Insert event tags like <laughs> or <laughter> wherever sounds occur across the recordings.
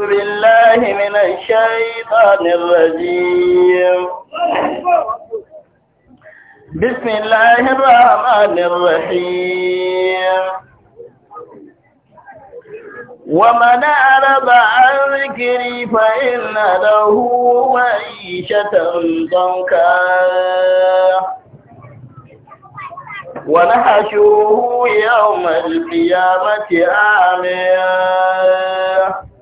بالله من الشيطان الرجيم بسم الله الرحمن الرحيم ومن أعرض عن ذكري فإن له معيشة ضنكا ونحشره يوم القيامة آمين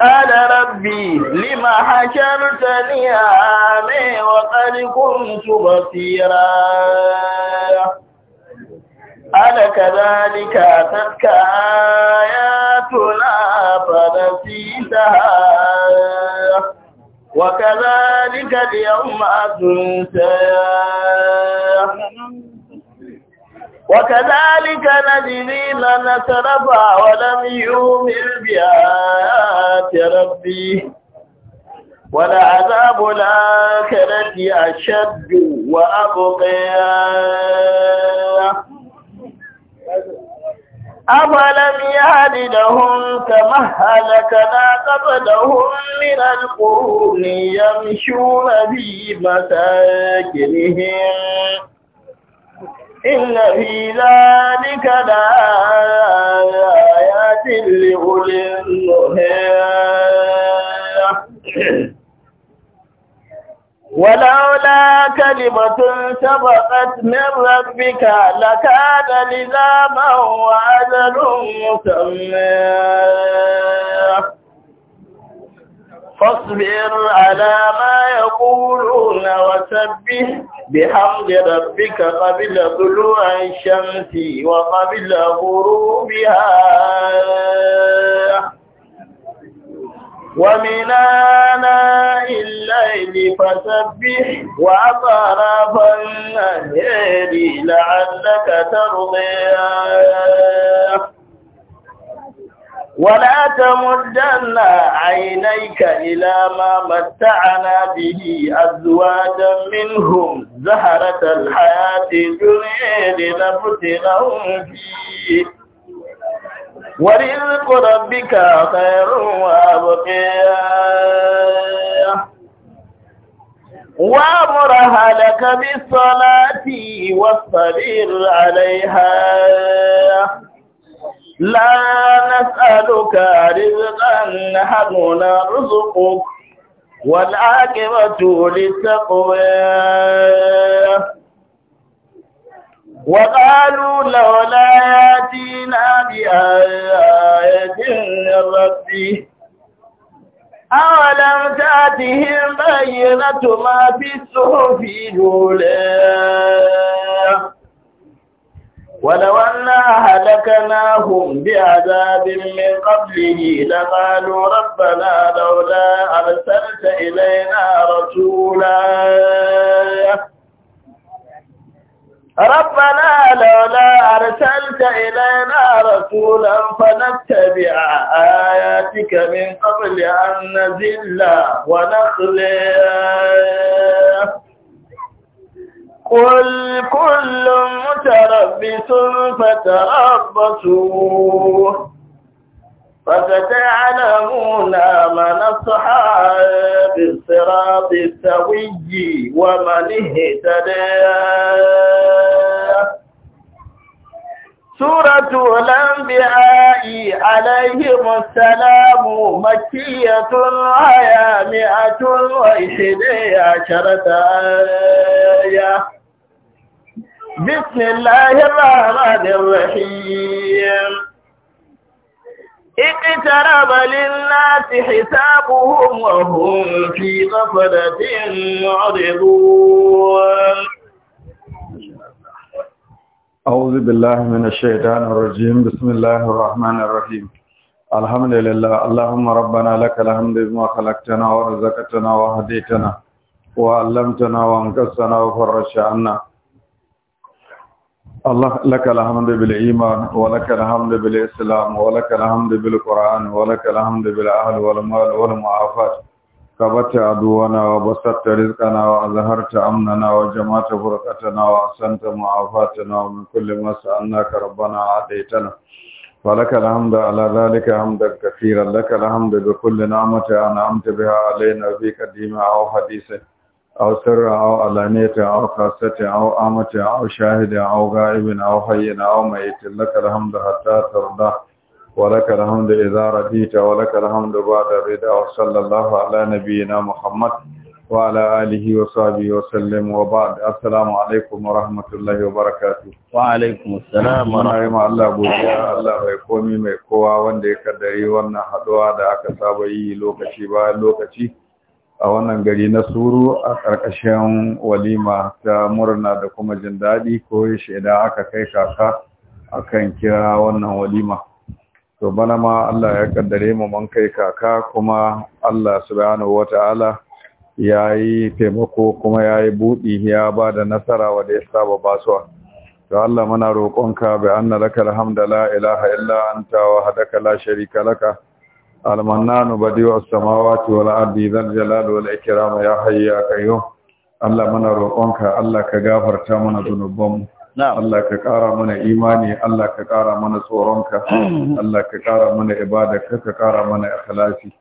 قال ربي لما حشرتني عامي وقد كنت بصيرا قال كذلك أتتك آياتنا فنسيتها وكذلك اليوم تنسى وكذلك نجزي من سرف ولم يؤمن بآيات ربي ولعذاب الآخرة أشد وأبقي أولم يهد لهم كما هلكنا قبلهم من القرون يمشون في مساكنهم إن في ذلك لآيات لأولي النهي ولولا كلمة سبقت من ربك لكان لزاما وأجل مسمى فاصبر على ما يقولون وسبح بحمد ربك قبل طلوع الشمس وقبل غروبها ومن آناء الليل فسبح وأطراف النهر لعلك ترضي ولا تمدن عينيك إلى ما متعنا به أزواجا منهم زهرة الحياة الدنيا لنفتنهم فيه ورزق ربك خير وأبقيا وامر أهلك بالصلاة واصطبر عليها لا نسألك رزقا نحن نرزقك والعاقبة للتقوى وقالوا لولا ياتينا بآية من ربه أولم تأتهم بينة ما في الصحف الأولى ولو أنا هلكناهم بعذاب من قبله لقالوا ربنا لولا أرسلت إلينا رسولا ربنا لولا أرسلت إلينا رسولا فنتبع آياتك من قبل أن نزل ونخلق kullum mutarabbi sun fatarabbatu fatata alamuna mana su haɗin sirabi ta wiji wa manihe ta daya suratu lambi'a'i alaihi musalamu makiyatun haya mi'atun wa ishe daya shara ta aya بسم الله الرحمن الرحيم اقترب للناس حسابهم وهم في غفلة معرضون أعوذ بالله من الشيطان الرجيم بسم الله الرحمن الرحيم الحمد لله اللهم ربنا لك الحمد بما خلقتنا ورزقتنا وهديتنا وعلمتنا وانقذتنا وفرجت عنا الله لك الحمد بالإيمان ولك الحمد بالإسلام ولك الحمد بالقرآن ولك الحمد بالأهل والمال والمعافات كبت عدونا وبسطت رزقنا وأظهرت أمننا وجمعت فرقتنا وأحسنت معافاتنا ومن كل ما سألناك ربنا عديتنا ولك الحمد على ذلك حمدا كثيرا لك الحمد بكل نعمة أنعمت بها علينا في قديمة أو حديثة أو سر أو علانية أو خاصة أو آمة أو شاهد أو غائب أو حي أو ميت لك الحمد حتى ترضى ولك الحمد إذا رديت ولك الحمد بعد رضا وصلى الله على نبينا محمد وعلى آله وصحبه وسلم وبعد السلام عليكم ورحمة الله وبركاته وعليكم السلام ورحمة الله وبركاته الله ويقومي ميقوا وانده كدري وانا حدوا دعاك سابعي لوكشي da لوكشي a wannan gari na suru a ƙarƙashin walima ta murna da kuma jin daɗi ko shaida aka kai kaka a kan kira wannan walima to bana ma Allah ya ƙaddare mu mun kai kaka kuma Allah subhanahu wata'ala ya yi taimako kuma ya yi buɗi ya ba da nasara da ya saba basuwa to Allah muna roƙonka bi anna lakal hamda ilaha illa anta wa hadaka la sharika laka المنان بديع السماوات والارض ذا الجلال والاكرام يا حي يا قيوم الله منا روقonka Allah ka gafarta mana zunubanmu Allah ka ƙara mana imani Allah ka ƙara mana tsoronka Allah ka ƙara mana ibada ka ka ƙara mana ikhlasi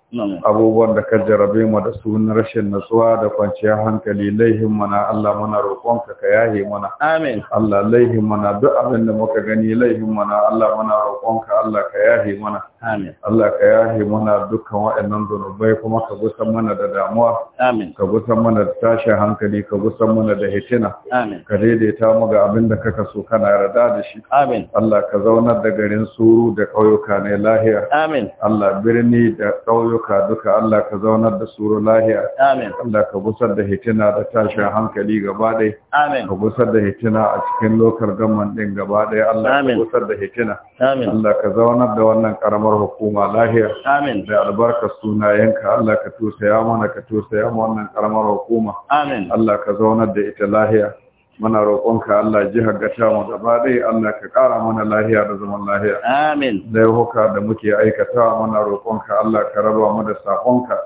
abubuwan da ka jarabe mu da su na rashin natsuwa da kwanciyar hankali laihin mana Allah muna roƙonka ka yahe mana amin Allah laihin mana duk abin da muka gani laihin mana Allah muna roƙonka Allah ka yahe mana amin Allah ka yahe mana dukkan waɗannan zunubai kuma ka gusan mana da damuwa amin ka gusan mana da tashin hankali ka gusan mana da hitina amin ka daidaita mu ga abin da kaka so kana yarda da shi amin Allah ka zaunar da garin suru da ƙauyuka ne lahiya amin Allah birni da ƙauyuka garuruka duka Allah ka zaunar da sura lahiya amin Allah ka busar da hitina da tashin hankali gaba amin ka busar da hitina a cikin lokar gaman din gaba Allah ka busar da hitina amin Allah ka zaunar da wannan karamar hukuma lahiya amin da albarkar sunayenka Allah ka tusaya mana ka tusaya mu wannan karamar hukuma amin Allah ka zaunar da ita lahiya muna roƙonka Allah jihar gata mu gaba ɗaya Allah ka ƙara mana lahiya da zaman lahiya amin da hoka da muke aikata muna roƙonka Allah ka raba mu da saƙonka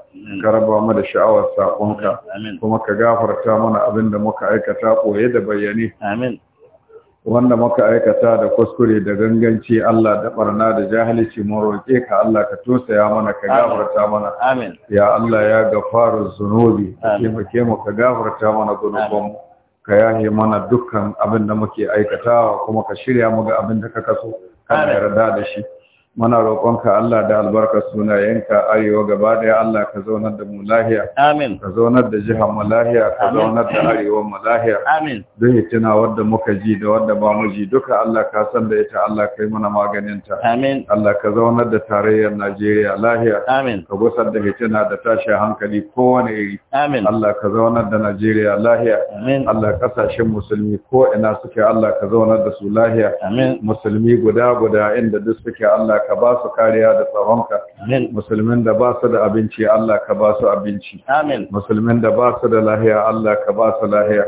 ka raba mu da sha'awar saƙonka kuma ka gafarta mana abin da muka aikata koye da bayyane amin wanda muka aikata da kuskure da ganganci Allah da barna da jahilci mu roƙe ka Allah ka tosaya mana ka gafarta mana amin ya Allah ya gafaru zunubi ka taimake mu ka gafarta mana gunubanmu ka yahe mana dukkan abin da muke aikatawa kuma ka shirya mu ga abin da ka kaso kana yarda da shi muna roƙonka Allah da albarkar sunayenka arewa gaba ɗaya Allah ka zaunar da mu lahiya amin ka zaunar da jihar mu lahiya ka zaunar da arewa mu lahiya amin Duk tuna wanda muka ji da wanda ba mu ji duka Allah ka san da ita Allah kai mana maganin ta amin Allah ka zaunar da tarayyar Najeriya lahiya amin ka gusar da hitina da tashi hankali kowane iri amin Allah ka zaunar da Najeriya lahiya amin Allah kasashen musulmi ko ina suke Allah ka zaunar da su lahiya amin musulmi guda guda inda duk suke Allah ka ba su kariya da tsawonka musulmin da ba su da abinci Allah ka ba su abinci musulmin da ba su da lahiya Allah ka ba su lahiya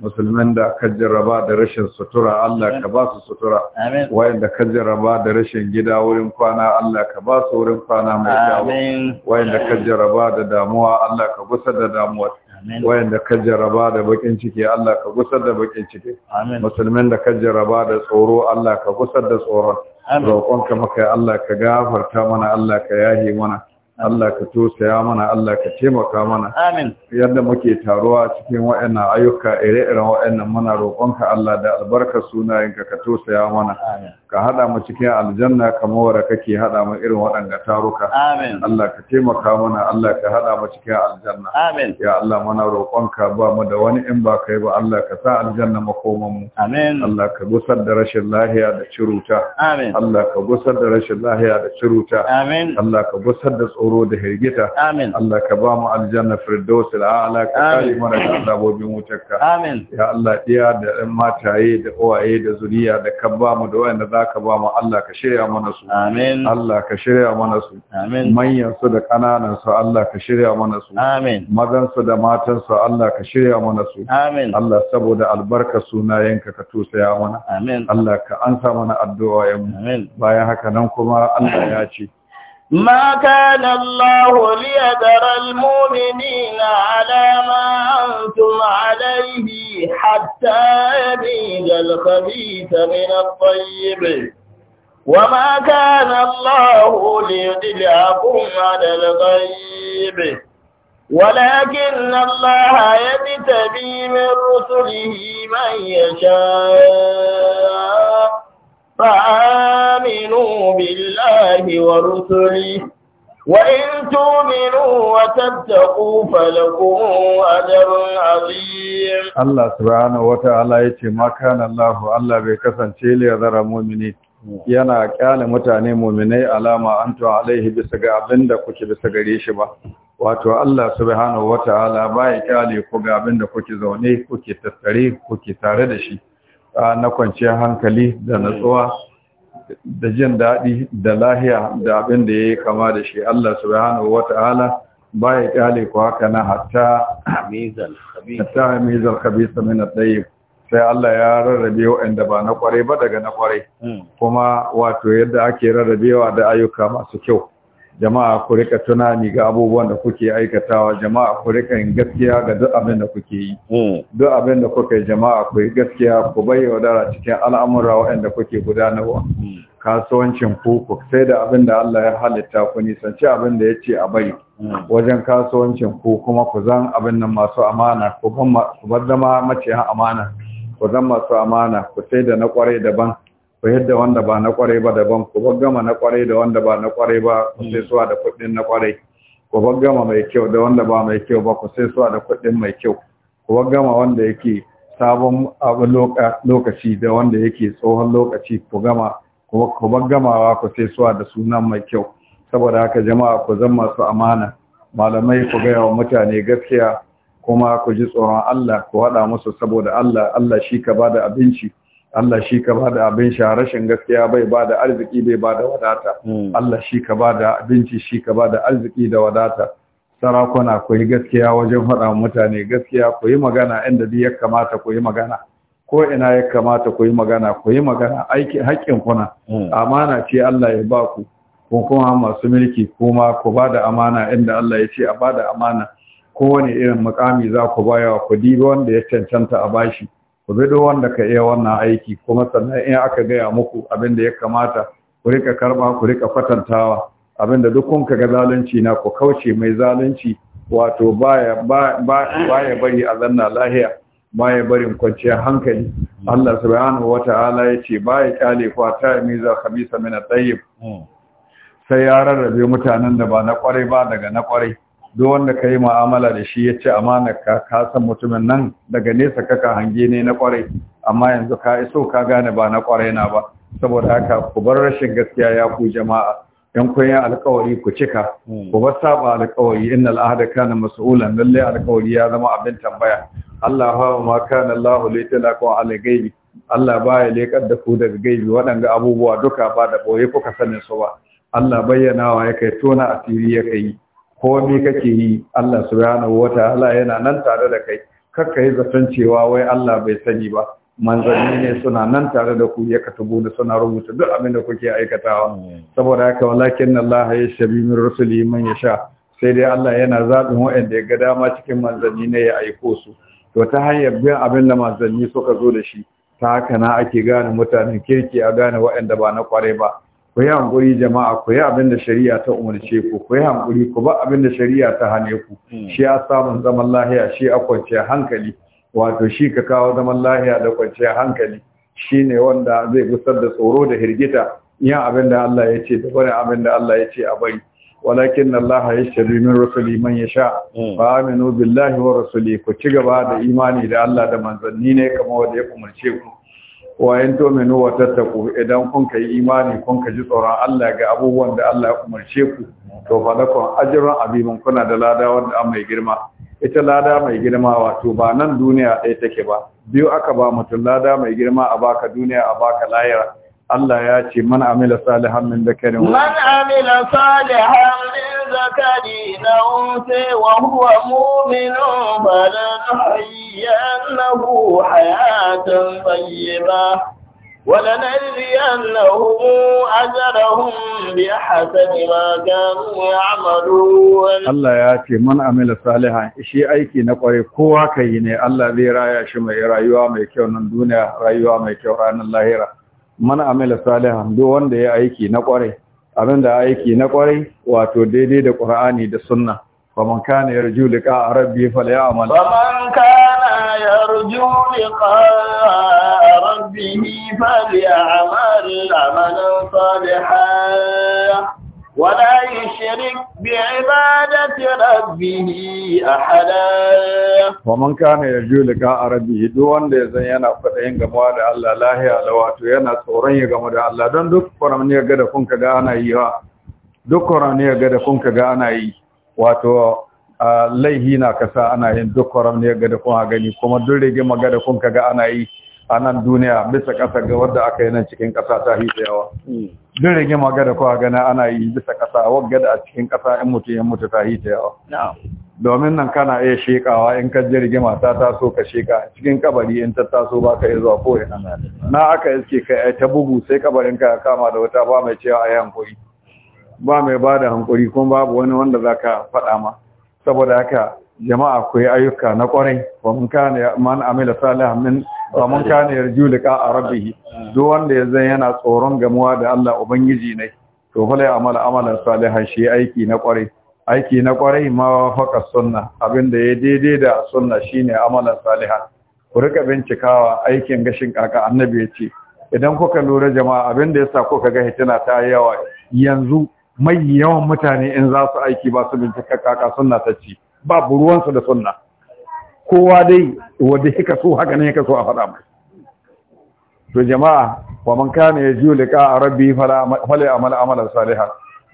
musulmin da ka jarraba da rashin sutura Allah ka ba su sutura wayanda ka jarraba da rashin gida wurin kwana Allah ka ba su wurin kwana mai kyau wayanda ka jarraba da damuwa Allah ka gusa da damuwa wayanda ka jarraba da bakin ciki Allah ka gusar da bakin ciki musulmin da ka jarraba da tsoro Allah ka gusar da tsoron roƙonka maka Allah ka gafarta mana Allah ka yahe mana Allah ka tosaya mana Allah ka taimaka mana amin yadda muke taruwa cikin waɗannan ayyuka ire-iren waɗannan muna roƙonka Allah da albarkar sunayenka ka tosaya mana amin ka hada mu cikin aljanna kamar wanda kake hada mu irin waɗanda taruka amin Allah ka taimaka mana Allah ka hada mu cikin aljanna amin ya Allah muna roƙonka ba mu da wani in ba kai ba Allah ka sa aljanna makoman mu amin Allah ka gusar da rashin lahiya da ciruta amin Allah ka gusar da rashin lahiya da ciruta amin Allah ka gusar da tsoro tsoro da hirgita amin Allah ka ba mu aljanna firdaus al'ala ka kare mana da azabobin wutarka amin ya Allah iya da ɗan mataye da uwaye da zuriya da ka ba mu da wanda ka ba mu Allah ka shirya mana su amin Allah ka shirya mana su amin manyan su da kananan su Allah ka shirya mana su amin mazan su da matan su Allah ka shirya mana su amin Allah saboda albarka sunayenka ka tusaya mana amin Allah ka ansa mana addu'a amin bayan haka nan kuma Allah ya ce ما كان الله ليذر المؤمنين على ما أنتم عليه حتى يميز الخبيث من الطيب وما كان الله ليدلعكم على الغيب ولكن الله يجتبي من رسله من يشاء فآمنوا بالله ورسله وإن تؤمنوا وتتقوا فلكم أجر عظيم الله سبحانه وتعالى يتي ما كان الله الله بكسن تيلي أذر مؤمنين yana kyale mutane muminai alama antu alaihi bisa ga abin da kuke bisa gare shi ba wato Allah subhanahu wataala bai kyale ku ga abin kuke zaune kuke tattare kuke tare da shi na kwanciyar hankali da natsuwa da jin daɗi da lahiya da abin da ya yi kama da shi Allah subhanahu wa ta'ala ba ya ƙyale ku haka na hatta hamizal khabisa min ɗaya sai Allah ya rarrabe waɗanda ba na ƙwarai ba daga na ƙwarai hmm. kuma wato yadda ake rarrabewa da ayyuka masu kyau jama'a ku rika tunani ga abubuwan da kuke aikatawa jama'a ku rika yin gaskiya ga duk abin da kuke yi hmm. duk abin da kuka yi jama'a ku yi gaskiya ku bai yaudara cikin al'amura waɗanda kuke gudanarwa hmm. kasuwancin ku ku sai da abin da Allah ya halitta ku nisanci abin da ya ce a bai hmm. wajen kasuwancin ku kuma ku zan abin nan masu amana ku bar zama maciyan amana ku zan masu amana ku sai da na kwarai daban ku yadda wanda ba na kwarai ba daban ko gama na kwarai da wanda ba na kwarai ba ko sai mm. suwa da kudin na kwarai ko gama mai kyau da wanda ba mai kyau ba ko sai suwa da kudin mai kyau ko gama wanda yake sabon abu lokaci da wanda yake tsohon lokaci ko gama ko gamawa ko sai suwa da sunan mai kyau saboda haka jama'a ku zan masu amana malamai ku gaya wa mutane gaskiya kuma ku ji tsoron Allah ku haɗa musu saboda Allah Allah shi ka bada abinci Allah shi ka bada abin sha rashin gaskiya bai bada arziki bai bada wadata hmm. Allah shi ka bada abinci shi ka bada arziki da wadata sarakuna ku yi gaskiya wajen faɗa mutane gaskiya ku yi magana inda duk ya kamata ku yi magana ko ina ya kamata ku yi magana ku yi magana aiki haƙƙin kuna hmm. amana ce Allah ya ba ku ko kuma masu mulki kuma ku ba amana inda Allah ya ce a bada da amana kowane irin mukami za ku bayawa ku dibi wanda ya cancanta a bashi ku bi duk wanda ka iya wannan aiki kuma sannan in aka gaya muku abin da ya kamata ku rika karba ku rika kwatantawa abin da duk kun ga zalunci na ku kauce mai zalunci wato baya bari a zanna lahiya baya barin kwanciyar hankali Allah subhanahu wata'ala ya ce baya kyale kwata miza khabisa min at-tayyib hmm. sai ya rarrabe mutanen da ba na kwarai ba daga na kwarai duk wanda ka yi ma'amala da shi ya ce amanarka ka san mutumin nan daga nesa kaka hange ne na kwarai amma yanzu ka iso ka gane ba na kwarai na ba saboda haka ku bar rashin gaskiya ya ku jama'a yan kun yi alkawari ku cika ku bar saba alkawari innal ahda kana mas'ulan lalle alkawari ya zama abin tambaya Allah hawa ma kana Allah li talaqa ala gaibi Allah baya lekar da ku daga gaibi waɗanda abubuwa duka ba da boye kuka sanin su ba Allah bayyana wa yake tona asiri yake yi komai kake yi Allah subhanahu ta'ala yana nan tare da kai kakka yi zaton cewa wai Allah bai sani ba manzanni ne suna nan tare da ku ya katubu da suna rubuta duk abin da kuke aikatawa saboda haka walakin Allah ya shabi min rusuli man yasha sai dai Allah yana zaɓin waɗanda ya ga dama cikin manzanni ne ya aiko su to ta hanyar bin abin da manzanni suka zo da shi ta haka na ake gane mutanen kirki a gane waɗanda ba na kwarai ba ku yi hankuri jama'a ku yi abin shari'a ta umarce ku ku yi hankuri ku ba abin shari'a ta hane ku hmm. shi ya samun zaman lahiya shi a kwanciyar hankali wato shi ka kawo zaman lahiya da kwanciyar hankali shi ne wanda zai gusar da tsoro da hirgita yin abin da Allah ya ce da barin abin da Allah ya ce a bari walakin Allah ya shari min rasuli man ya sha hmm. fa aminu billahi wa rasuli ku ci gaba da imani da Allah da manzanni ne kamar wanda ya umarce ku wayan to menu wa tattaku idan kun kai imani kun ka ji tsoron Allah ga abubuwan da Allah ya umarce ku to fa kun ajrun abimin kuna da lada wanda an mai girma ita lada mai girma wato ba nan duniya ɗaya take ba biyu aka ba mutum lada mai girma a baka duniya a baka lahira Allah ya ce man amila salihan min zakarin man amila salihan min zakari na unse wa huwa mu'minun falan hayyannahu hayatan tayyiba ولنجزينهم أجرهم بأحسن ما كانوا يعملون الله ياتي من عمل صالحا شي aiki na kware kowa kai ne Allah zai raya shi mai rayuwa mai kyau nan duniya rayuwa mai kyau ranar lahira mana amila salihan duk wanda ya aiki na kwarai abin da aiki na kwarai wato daidai da qur'ani da sunna faman kana yarju liqa rabbi falyamal faman kana yarju liqa rabbi falyamal amalan salihan ولا يشرك بعبادة ربه أحدا ومن كان يرجو لقاء ربه دون da zan yana fadayin gama da Allah lahiya da wato yana tsoron ya gama da Allah don duk ƙoramin ya ga da kun kaga ana yi wa duk ƙoramin ya ga da kun kaga ana yi wato laihi na kasa ana yin duk ƙoramin ya ga da kun gani kuma duk rage maga da kun kaga ana yi a nan duniya bisa ƙasa ga wadda aka yi nan cikin ƙasa ta hitsayawa duk rage magana kowa gana ana yi bisa kasa wagga da a cikin kasa in mutu ya mutu ta hita yawa domin nan kana iya shekawa in ka jirgi mata ta taso ka sheka cikin kabari in ta taso ba ka zuwa ko ina na aka iske ka ta bugu sai kabarin ka kama da wata ba mai cewa yi hankuri ba mai ba da hankuri kuma babu wani wanda za ka faɗa ma saboda haka jama'a ku yi ayyuka na ƙwarai wa mun kana man amila salih min wa mun kana yarju liqa rabbih duk wanda ya zai yana tsoron gamuwa da Allah ubangiji ne to fa amala amalan salih shi aiki na ƙwarai. aiki na ƙwarai ma faka sunna abinda ya daidai da sunna shine amalan salih ku rika bincikawa aikin gashin kaka annabi ya ce idan kuka lura jama'a abinda yasa kuka ga hitina ta yawa yanzu mai yawan mutane in za su aiki ba su bincika kaka sunna ta ci babu ruwansa da sunna kowa dai wanda yake so haka ne yake so a faɗa mai to jama'a wa man kana yaju liqa rabbi fala fala amal amalan salihan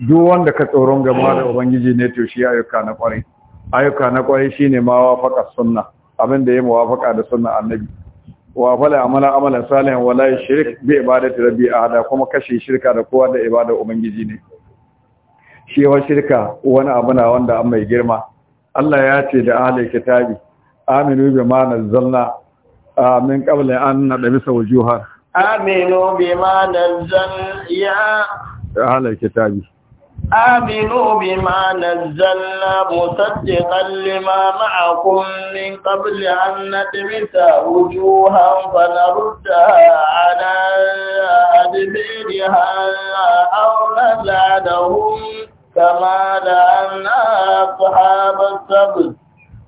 duk wanda ka tsoron gaba da ubangiji ne to shi ayyuka na kwarai ayyuka na kwarai shine ma wafaqa sunna abin da ya muwafaqa da sunna annabi wa fala amala amalan saliha wala shirk bi ibadati rabbi ahada kuma kashi shirka da kowa da ibada ubangiji ne shi wa shirka wani abu na wanda an mai girma Allah ya ce da ahli kitabi aminu bima nazzalna min qabli an nadbisa wujuhar aminu bima nazzal ya ahli kitabi ma بما نزلنا مصدقا لما معكم من قبل أن wujuha fa narudda ala أدبيرها aw كما لأن أصحاب السبت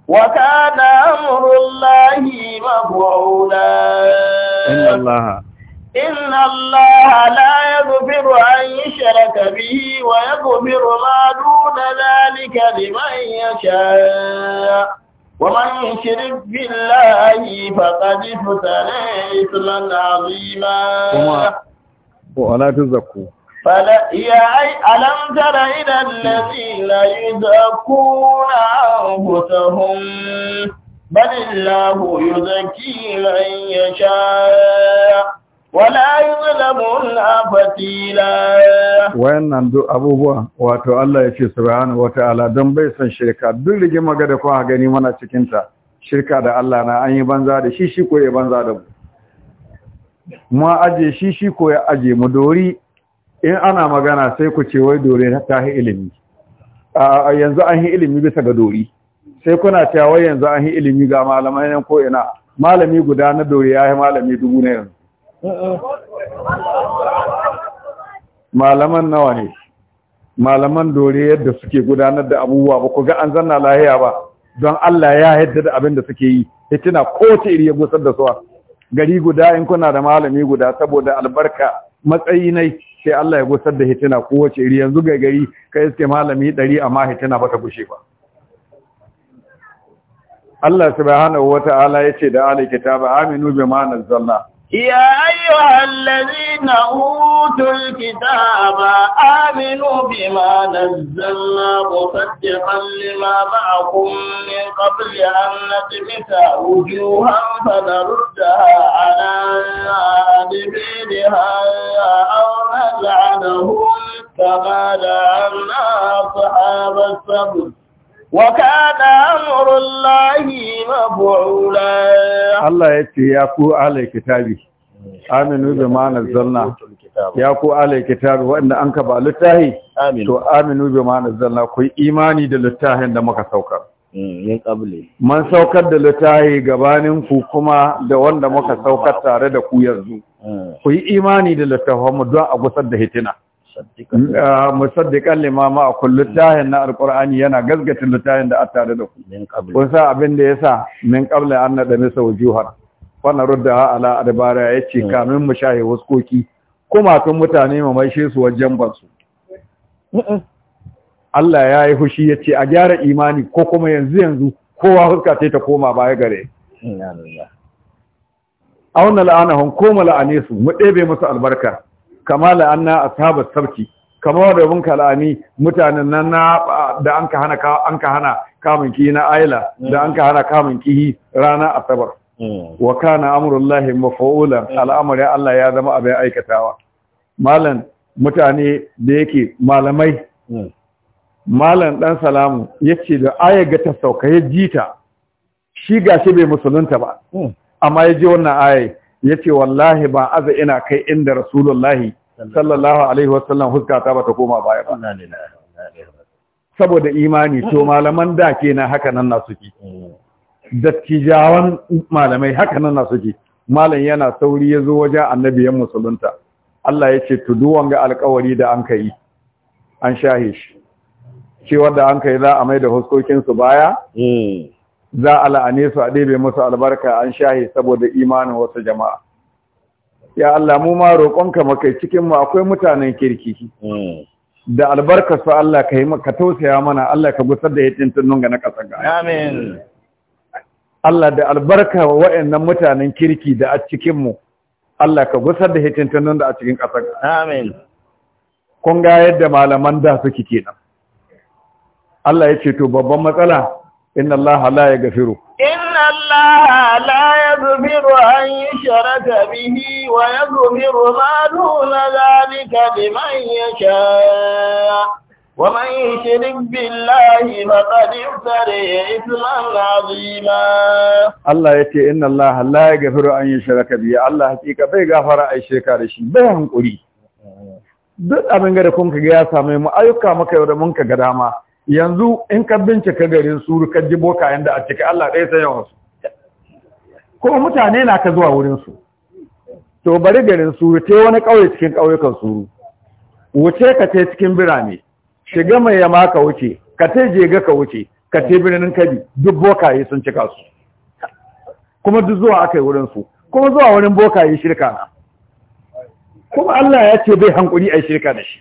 وكان أمر الله مفعولا إن الله إن الله لا يغفر أن يشرك به ويغفر ما دون ذلك لمن يشاء ومن يشرك بالله فقد افترى إثما عظيما ولا تزكوا فلا يا ألم تر إلى الذين يزكون أنفسهم بل الله يزكي من يشاء ولا يظلمون wayannan duk abubuwa wato Allah ya ce subhanahu wataala don bai son shirka duk rigima gada kuma kuka gani mana cikinta shirka da Allah na an yi banza da shi shi banza da mu mu aje shi shi ko ya aje mu dori in ana magana sai ku ce wai dore ta yi ilimi a yanzu an yi ilimi bisa ga dori sai kuna cewa wai yanzu an yi ilimi ga malamai nan ko ina malami guda na dore ya yi malami dubu na yanzu malaman nawa ne malaman dore yadda suke gudanar da abubuwa ba ku ga an zanna lahiya ba don Allah ya yadda da abin da suke yi hitina ta iri ya gusar da suwa gari guda in kuna da malami guda saboda albarka matsayi nai sai Allah ya gusar da hitina kowace iri yanzu ga gari kai iske malami ɗari amma hitina ba ta gushe ba Allah subhanahu wata'ala yace da ahli kitaba aminu bima nazzalna يا أيها الذين أوتوا الكتاب آمنوا بما نزلنا مصدقا لما معكم من قبل أن نتمس وجوها فنردها على أدبيرها أو نلعنهم كما لعنا أصحاب السبت Wakada amurullahi mabu'ula. Allah ya ce ya ku alai kitabi, aminu bi na zanna, ya ku alai kitabi waɗanda an ka ba littahi, to aminu bi na zanna ku yi imani da littahin da muka saukar. Man saukar da littahi gabaninku kuma da wanda muka saukar tare da ku yanzu, ku yi imani da littafinmu don a gusar da hitina. musaddiqan lima ma kullu tahin na alqur'ani yana gazgata litahin da tare da ku kun sa abin da yasa min qabla an nada misa wujuhar fa rudda ala adbara yace hmm. kamin mu shahi waskoki kuma tun mutane mu maishe su wajen bansu Allah ya yi hushi yace a gyara imani ko kuma yanzu yanzu kowa huska ce ta koma baya gare auna la'anahum ko la'anisu su mu ɗebe musu albarka kama na asaba sabki kama da mun kalami mutanen nan da an ka hana an ka hana kamun kihi na aila da an ka hana kamun kihi rana asabar hmm. wa kana amrullahi mafa'ulan al'amari Allah ya zama abin aikatawa malam mutane da yake malamai hmm. malam dan salamu yace da aya ga ta sauka jita shi gashi bai musulunta ba hmm. amma ya ji wannan aya yace wallahi ba aza ina kai inda rasulullahi sallallahu alaihi wasallam huskata ba ta koma baya ba saboda imani to malaman da kenan haka nan na suke mm. dattijawan malamai haka nan na ki malam yana sauri ya zo wajen annabiyan musulunta Allah ya ce tuduwan wanga alkawari da an kai an shahe shi cewa da an kai za a mai da huskokinsu baya mm. za a la'ane su a ɗebe musu albarka an shahi saboda imanin wasu jama'a ya Allah mu ma roƙonka makai cikin mu akwai mutanen kirki hmm. da albarka su Allah ka yi ka tausaya mana Allah ka gusar da yatin tunnun ga na ƙasar ga amin Allah da albarka wa wa'annan mutanen kirki da a cikin mu Allah ka gusar da yatin tunnun da a cikin ƙasar ga amin kun ga yadda malaman da suke kenan Allah ya ce to babban matsala inna Allah la yaghfiru inna Allah la zubiru an yushraka bihi wa yaghfiru ma duna dhalika liman ومن يشرك بالله فقد افتري اثما عظيما الله يتي la الله لا يغفر ان يشرك به الله حقيقه bai gafara ai shirka da shi bai hankuri duk abin ga kun ka ga ya same mu ayyuka maka yau da mun ka ga dama yanzu in ka bincika garin suru ka ji bokayen da a cika Allah ɗaya sai yawansu kuma mutane na ka zuwa wurinsu to bari garin suru te wani ƙauye cikin ƙauyukan suru wuce ka te cikin birane shiga mai yama ka wuce ka te jega ka wuce ka te birnin kabi duk bokaye sun cika su kuma duk zuwa aka yi wurinsu kuma zuwa wurin bokaye shirka na kuma Allah ya ce bai hankuri a yi shirka da shi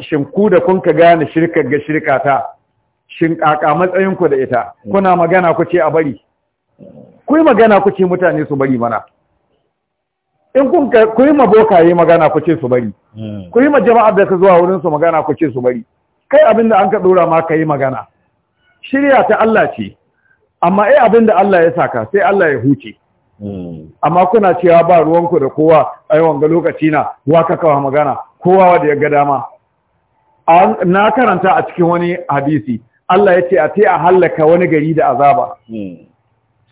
shin ku da kun ka gane shirkar ga shirka ta shin kaka matsayin ku da ita kuna magana ku ce a bari ku yi magana ku ce mutane su bari mana in kun ku yi yi magana ku ce su bari ku yi ma da ka zuwa wurin su magana ku ce su bari kai abin da an ka dora ma ka yi magana shirya ta Allah ce amma eh abin da Allah ya saka sai Allah ya huce amma kuna cewa ba ruwanku da kowa ai wanga lokaci na wa ka kawo magana kowa wanda ya ga dama na karanta a cikin wani hadisi Allah ya ce a te a hallaka wani gari da azaba hmm.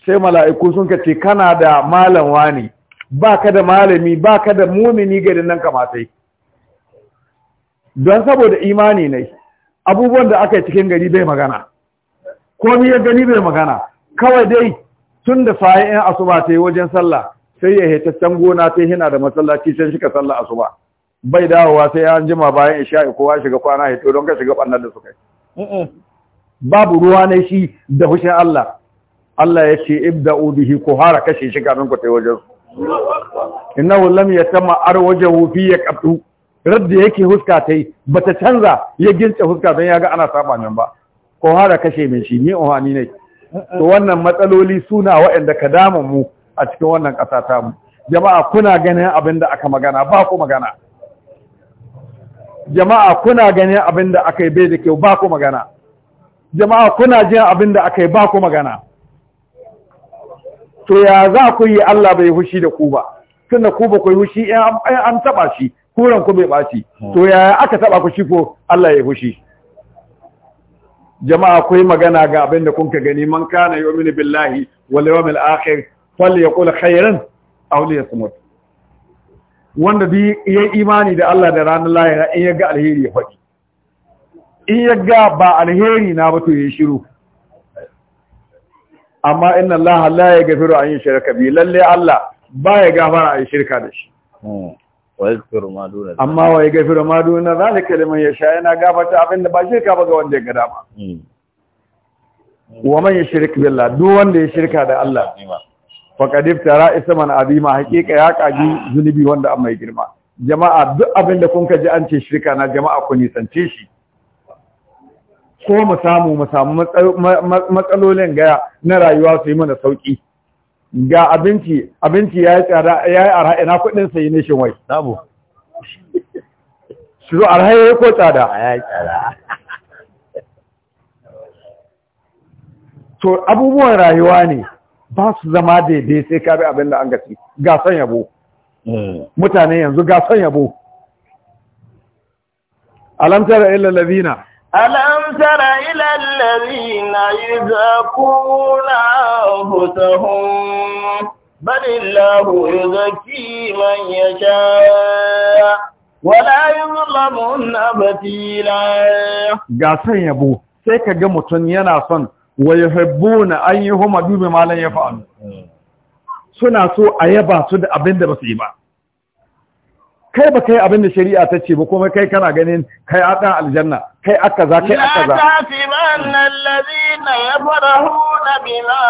sai mala'iku sun ka ce kana da malam wani baka da malami baka da mumini garin nan kamatai don saboda imani ne abubuwan da aka yi cikin gari bai magana komi ya gani bai magana kawai dai tun da sa'in asuba ta yi wajen sallah sai ya hetaccen gona ta hina da masallaci can shi ka sallah asuba bai dawowa sai an jima bayan ko kowa shiga kwana ya don ka shiga bannan da suka yi babu ruwa ne shi da hushin Allah Allah ya ce ibda'u bihi ko hara kashe shi kafin ku tai wajen su innahu lam yatama arwajahu fi yaqtu radda yake huska tai bata canza ya gince huska dan yaga ana saba nan ba ko hara kashe min shi ni ohani ne to wannan matsaloli suna waɗanda ka dama mu a cikin wannan ƙasa ta mu jama'a kuna ganin abinda aka magana ba ku magana jama'a kuna ganin abin da aka yi bai da kyau ba ku magana jama'a kuna jin abin da aka yi ba ku magana to ya za ku yi Allah bai hushi da ku ba tun da ku ba ku yi hushi in an taɓa shi kuran ku bai ɓaci to ya aka taɓa ku shi ko Allah ya hushi jama'a ku yi magana ga abin da kun ka gani man kana yu'minu billahi wal yawmil akhir yaqul khairan aw liyasmut wanda bi ya imani da Allah da ranar lahira in ya ga alheri ya faɗi in ya ga ba alheri na ba to ya shiru amma inna Allah la gafiru an yushraka bi lalle Allah ba ya gafara a shirka da shi hmm. amma wa ya gafi ramadu na zalika liman ya sha yana gafata abin da ba shirka ba ga wanda ya gada ba hmm. wa man ya shirka billah duk wanda ya shirka da Allah Faƙadif tara isman azima haƙiƙa ya ƙaji zunubi wanda an mai girma jama'a duk abin da kun ka ji an ce shirka na jama'a ku nisance shi ko mu samu mu samu matsalolin gaya na rayuwa su yi mana sauƙi. ga abinci abinci ya yi tsada ya yi arha ina kuɗin sayi ne shin wai babu shiru arha ya yi ko tsada ya yi tsada to abubuwan rayuwa ne ba su zama daidai sai ka bi abin da an son gasan yabo eh. mutane yanzu gasan yabo alam tara illa ladina alam tara ila ladina yuzakuna anfusahum بل الله يزكي من wala ولا يظلمون Ga gasan yabo sai ka ga mutum yana son wa yuhibbuna an yuhmadu bima lam yaf'alu suna so a yaba su da abin da ba su yi ba kai ba kai abin da shari'a ta ce ba kuma kai kana ganin kai a aljanna kai aka za kai aka za. La ta fi mannan ya fara huna bima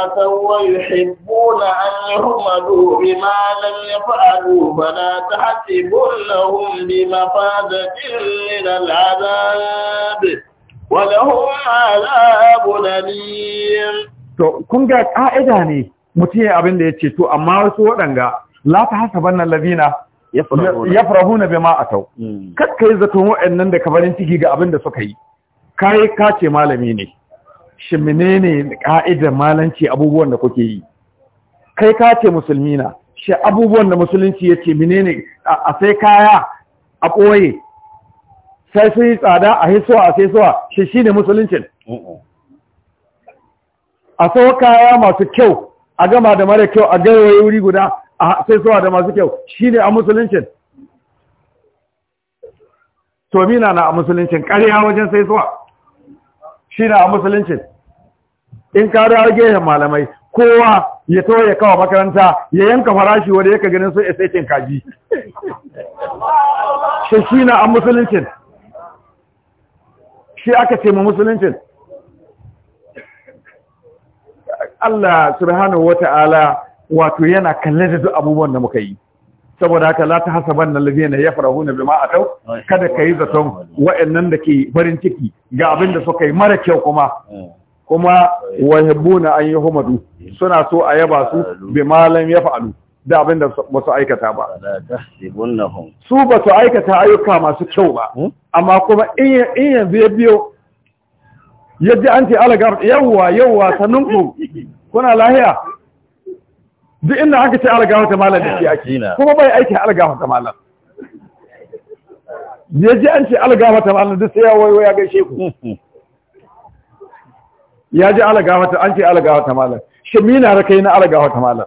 a sauwa yi hibbu an yi humadu bima lam ya fa'adu ba na ta hasi bullahun bima fada jin lalazabi. to kun ga ka'ida ne mutum ya abin da ya ce to amma wasu waɗanga la ta hasabanna alladhina yafrahuna bima atau hmm. kakka yi zato waɗannan da kabarin ciki ga abin da suka yi kai ka ce malami ne shi menene ka'idar malanci abubuwan da kuke yi kai ka ce musulmina? na shi abubuwan da musulunci ya ce ne a sai kaya a ɓoye sai sun yi tsada a hisuwa a saisuwa shi shi ne musuluncin a sau kaya masu kyau a gama da mara kyau a gaiwaye wuri guda a saisuwa da masu kyau shi ne a musuluncin tomina na a musuluncin ƙarya wajen saisuwa shi na a musuluncin in ka ya gehen malamai kowa ya to ya kawo makaranta ya yanka farashi wanda ka ganin su ya sai kaji <laughs> shi shi na a musuluncin shi aka ce ma musuluncin Allah subhanahu Ta'ala wato yana kalle da duk abubuwan da muka yi saboda haka la ta hasaban nan lazina yafrahuna bima atau kada kai zaton wa'annan da ke farin ciki ga abin da suka yi mara kyau kuma kuma wahibbuna an yahmadu suna so a yaba su malam ya fa'alu da abin da ba su aikata ba. Su ba su aikata ayyuka masu kyau ba, hmm? amma kuma in yanzu ya biyo, yadda an ce alagar yawwa yawwa ku, kuna lahiya. Duk inda aka ce alagar ta malar da ke kuma bai aiki alagar wata malam. Ya ji an ce alagar wata malam duk sai ya wayo ya gaishe ku. Hmm. Ya ji alagar wata an ce alagar wata Shi mina yi na alagar ta malar.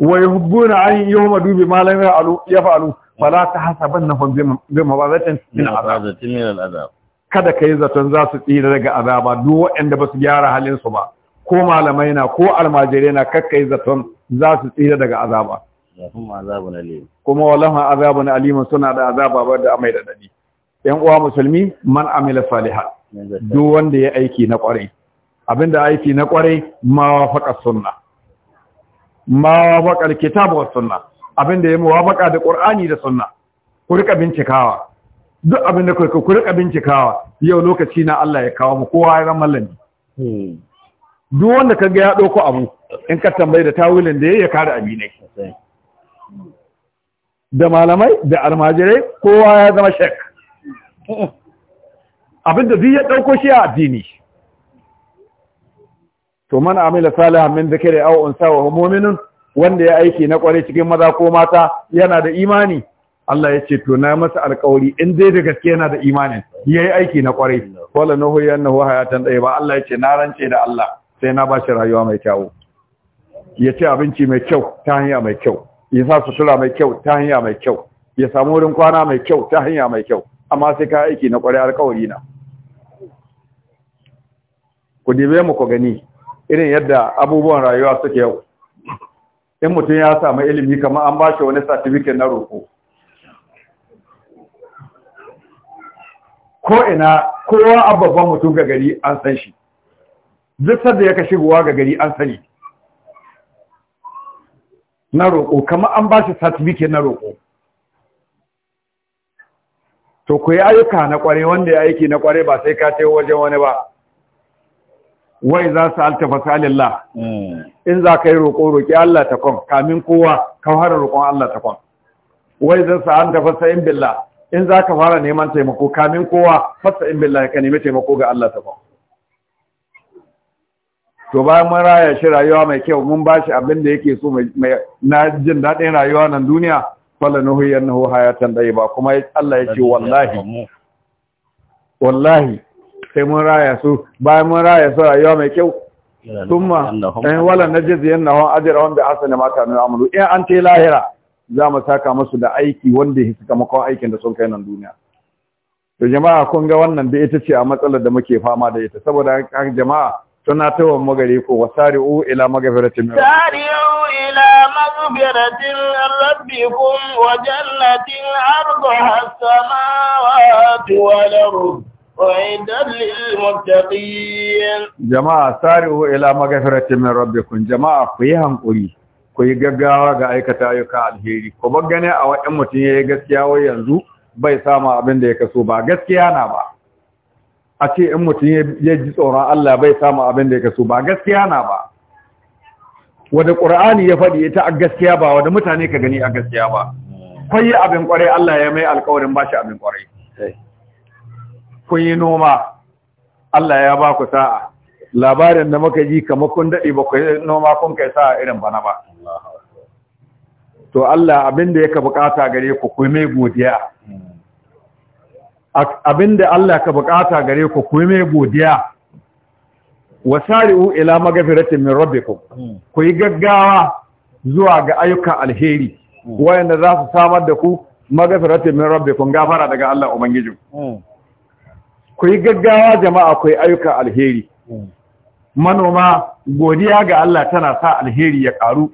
wa yuhibbuna an yuhmadu bima lam yaf'alu fala tahsabannahum bima bazatin min azab kada kai zaton za su tsira daga azaba duk waɗanda ba su gyara halin su ba ko malamai na ko almajirai na kakkai zaton za su tsira daga azaba kuma walahun azabun aliman suna da azaba ba da amai da dadi yan uwa musulmi man amila salihat duk wanda ya aiki na kwarai abinda aiki na kwarai ma wafaka sunna ma ke kitab wa sunna abinda ya muwafaqa da qur'ani da sunna ku rika bincikawa duk abinda kai ku rika bincikawa yau lokaci na Allah ya kawo mu kowa ya ramar malami hmm. duk wanda ka ga ya dauko abu in ka tambayi da tawilin da ya ya kare abi ne da malamai da almajirai kowa ya zama shek <laughs> abinda duk ya ɗauko shi a addini to man amila salihan min dhikri aw unsa wa mu'minun wanda ya aiki na kware cikin maza ko mata yana da imani Allah yace ce to na masa alƙawari in dai da gaske yana da imani yayi aiki na kware wala nahu yannahu hayatan ba Allah ya ce na rance da Allah sai na bashi rayuwa mai kyau ya abinci mai kyau ta hanya mai kyau ya sa sutura mai kyau ta hanya mai kyau ya samu wurin kwana mai kyau ta hanya mai kyau amma sai ka aiki na kware alƙawari na ku dibe mu ku gani irin yadda abubuwan rayuwa suke yau in mutum ya samu ilimi kamar an ba shi wani satifikin na roƙo ko ina kowa ababban mutum ga gari an san shi duk sadda yaka shigowa ga gari an sani na roƙo kamar an ba shi satifikin na roƙo to ku yi ayyuka na kware wanda ya aiki na kware ba sai ka ce wajen wani ba wai za su alta fasalillah hmm. in za ka yi roƙo roƙi Allah ta kwan kamin kowa ka fara roƙon Allah ta kwan wai za su altafa sa'in billah in za ka fara neman taimako kamin kowa fasain billah ka nemi taimako ga Allah ta kwan to bayan mun raya shi rayuwa mai kyau mun ba shi abin da yake so na jin daɗin rayuwa nan duniya fala nuhu yannahu hayatan ba kuma Allah ya ce wallahi wallahi sai mun raya su bayan mun raya su rayuwa mai kyau Tumma, ɗan wala na ajrahum bi ahsani ma kanu amuru in an ta lahira za mu saka musu da aiki wanda ya suka makon aikin da sun kai nan duniya to jama'a kun ga wannan da ita ce a matsalar da muke fama da ita saboda jama'a suna tawa magare ko wasari'u ila magfiratin sari'u ila magfiratin rabbikum wa jannatin 'arduha as-samawati wal Jama'a للمتقين ila سارعوا min مغفرة من ربكم جماعة قيهم قري ku yi gaggawa ga aikata ayyuka alheri ku bar gane a wa'in mutum ya yi gaskiya wai yanzu bai samu abin da ya kaso ba gaskiya na ba a ce in mutum ya ji tsoron Allah bai samu abin da ya kaso ba gaskiya na ba wanda ƙur'ani ya faɗi ita a gaskiya ba wanda mutane ka gani a gaskiya ba kwayi abin ƙwarai Allah ya mai alƙawarin ba shi abin ƙwarai kun yi noma Allah ya ba ku sa'a labarin da muka ji kamar kun daɗe ba ku yi noma kun kai sa'a irin bana ba to Allah abin da ka bukata gare ku ku mai godiya abin da Allah ka bukata gare ku ku mai godiya wa u'ila ila magfiratin min rabbikum ku yi gaggawa zuwa ga ayyukan alheri wayanda za su samar da ku magfiratin min rabbikum gafara daga Allah ubangiji ku yi gaggawa jama'a ku yi ayyukan alheri manoma godiya ga Allah tana sa alheri ya karu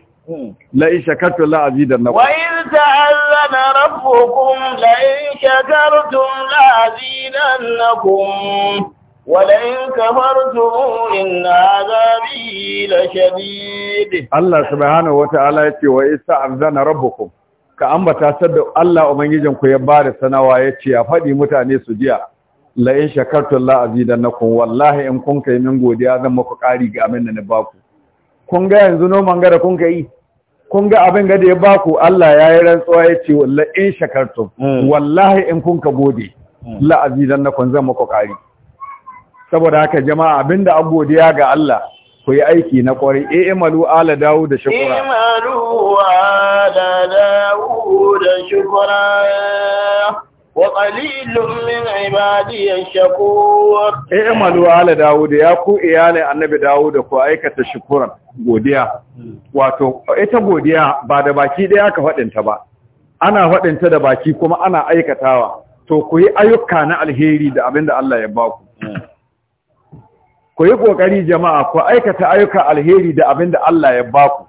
la'in shakartun la'azi da na wa in ta'allana rabbukum la'in shakartun da na kun ولئن كفرتم إن عذابي لشديد الله سبحانه an zana وإستعذن ka ambata sadda Allah ku ya bada sanawa yace ya fadi mutane su jiya la in shakartu na azidannakum wallahi in kun kai min godiya zan muku ƙari ga abin da na baku kun ga yanzu noman gada kun kai kun ga abin gada ya baku Allah ya yi rantsuwa ya ce la in shakartu hmm. wallahi in kun ka gode hmm. la azidannakum zan muku ƙari saboda haka jama'a abinda an godiya ga Allah ku yi aiki na ƙwarai. e imalu ala dawo da shukura imalu ala dawo da shukura وقليل من عبادي الشكور اعملوا على داوود يا ku iyalai annabi Dawud ku aikata shukuran godiya wato ita godiya ba da baki ɗaya aka faɗinta ba ana faɗinta da baki kuma ana aikatawa to ku yi ayyuka na alheri da abinda Allah ya baku ku yi kokari jama'a ku aikata ayyuka alheri da abinda Allah ya baku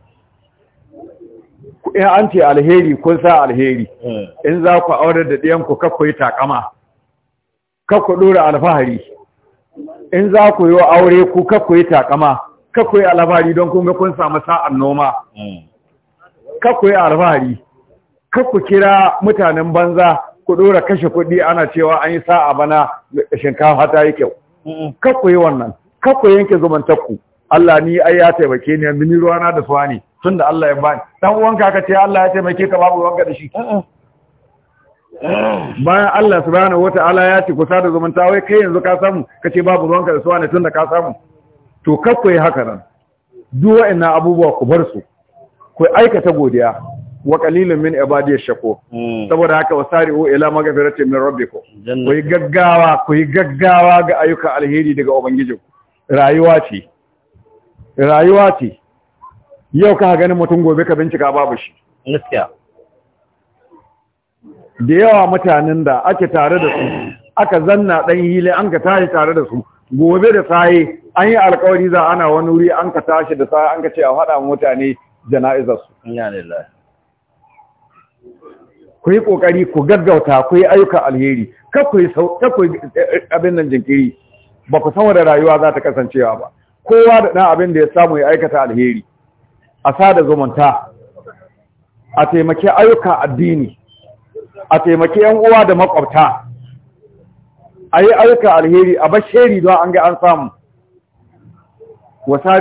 in an ce alheri kun sa alheri eh. in za ku aurar da ɗiyanku kakku yi takama kakku ɗora alfahari in za ku yi wa aure ku kakku yi takama kakku yi alfahari don kun kun samu sa'an noma eh. kakku yi alfahari kakku kira mutanen banza ku ɗora kashe kuɗi ana cewa an yi sa'a bana shinkafa ta yi kyau kakku yi wannan kakku yanke zumantakku Allah ni ai ya taimake ni yanzu ni ruwana da suwa ne tun da Allah ya bani dan uwanka ka ce Allah ya taimake ka babu wanka da shi bayan Allah subhanahu wata'ala ya ce kusa da zumunta wai kai yanzu ka samu ka ce babu wanka da suwane ne tun da ka samu to kakku yi haka nan duk wa'annan abubuwa ku bar su ku aikata godiya wa qalilan min ibadiyash shakur hmm. saboda haka wasari'u ila maghfirati min rabbikum ku yi gaggawa ku yi gaggawa ga ayyukan alheri daga ubangijinku rayuwa ce rayuwa ce yau ka ganin mutum gobe ka bincika babu shi gaskiya da yawa mutanen da ake tare da su aka zanna dan hile an ka tashi tare da su gobe da saye an yi alkawari za ana wani wuri an ka tashi da saye an ka ce a haɗa mutane jana'izar su ku yi ƙoƙari ku gaggauta ku yi ayyukan alheri kakwai eh, abin nan jinkiri ba ku san wadda rayuwa za ta kasancewa ba kowa da ɗan abin da ya samu ya aikata alheri a sada zumunta a taimake ayyuka addini a taimake yan uwa da makwabta a yi ayyuka alheri a bashiri don an ga an samu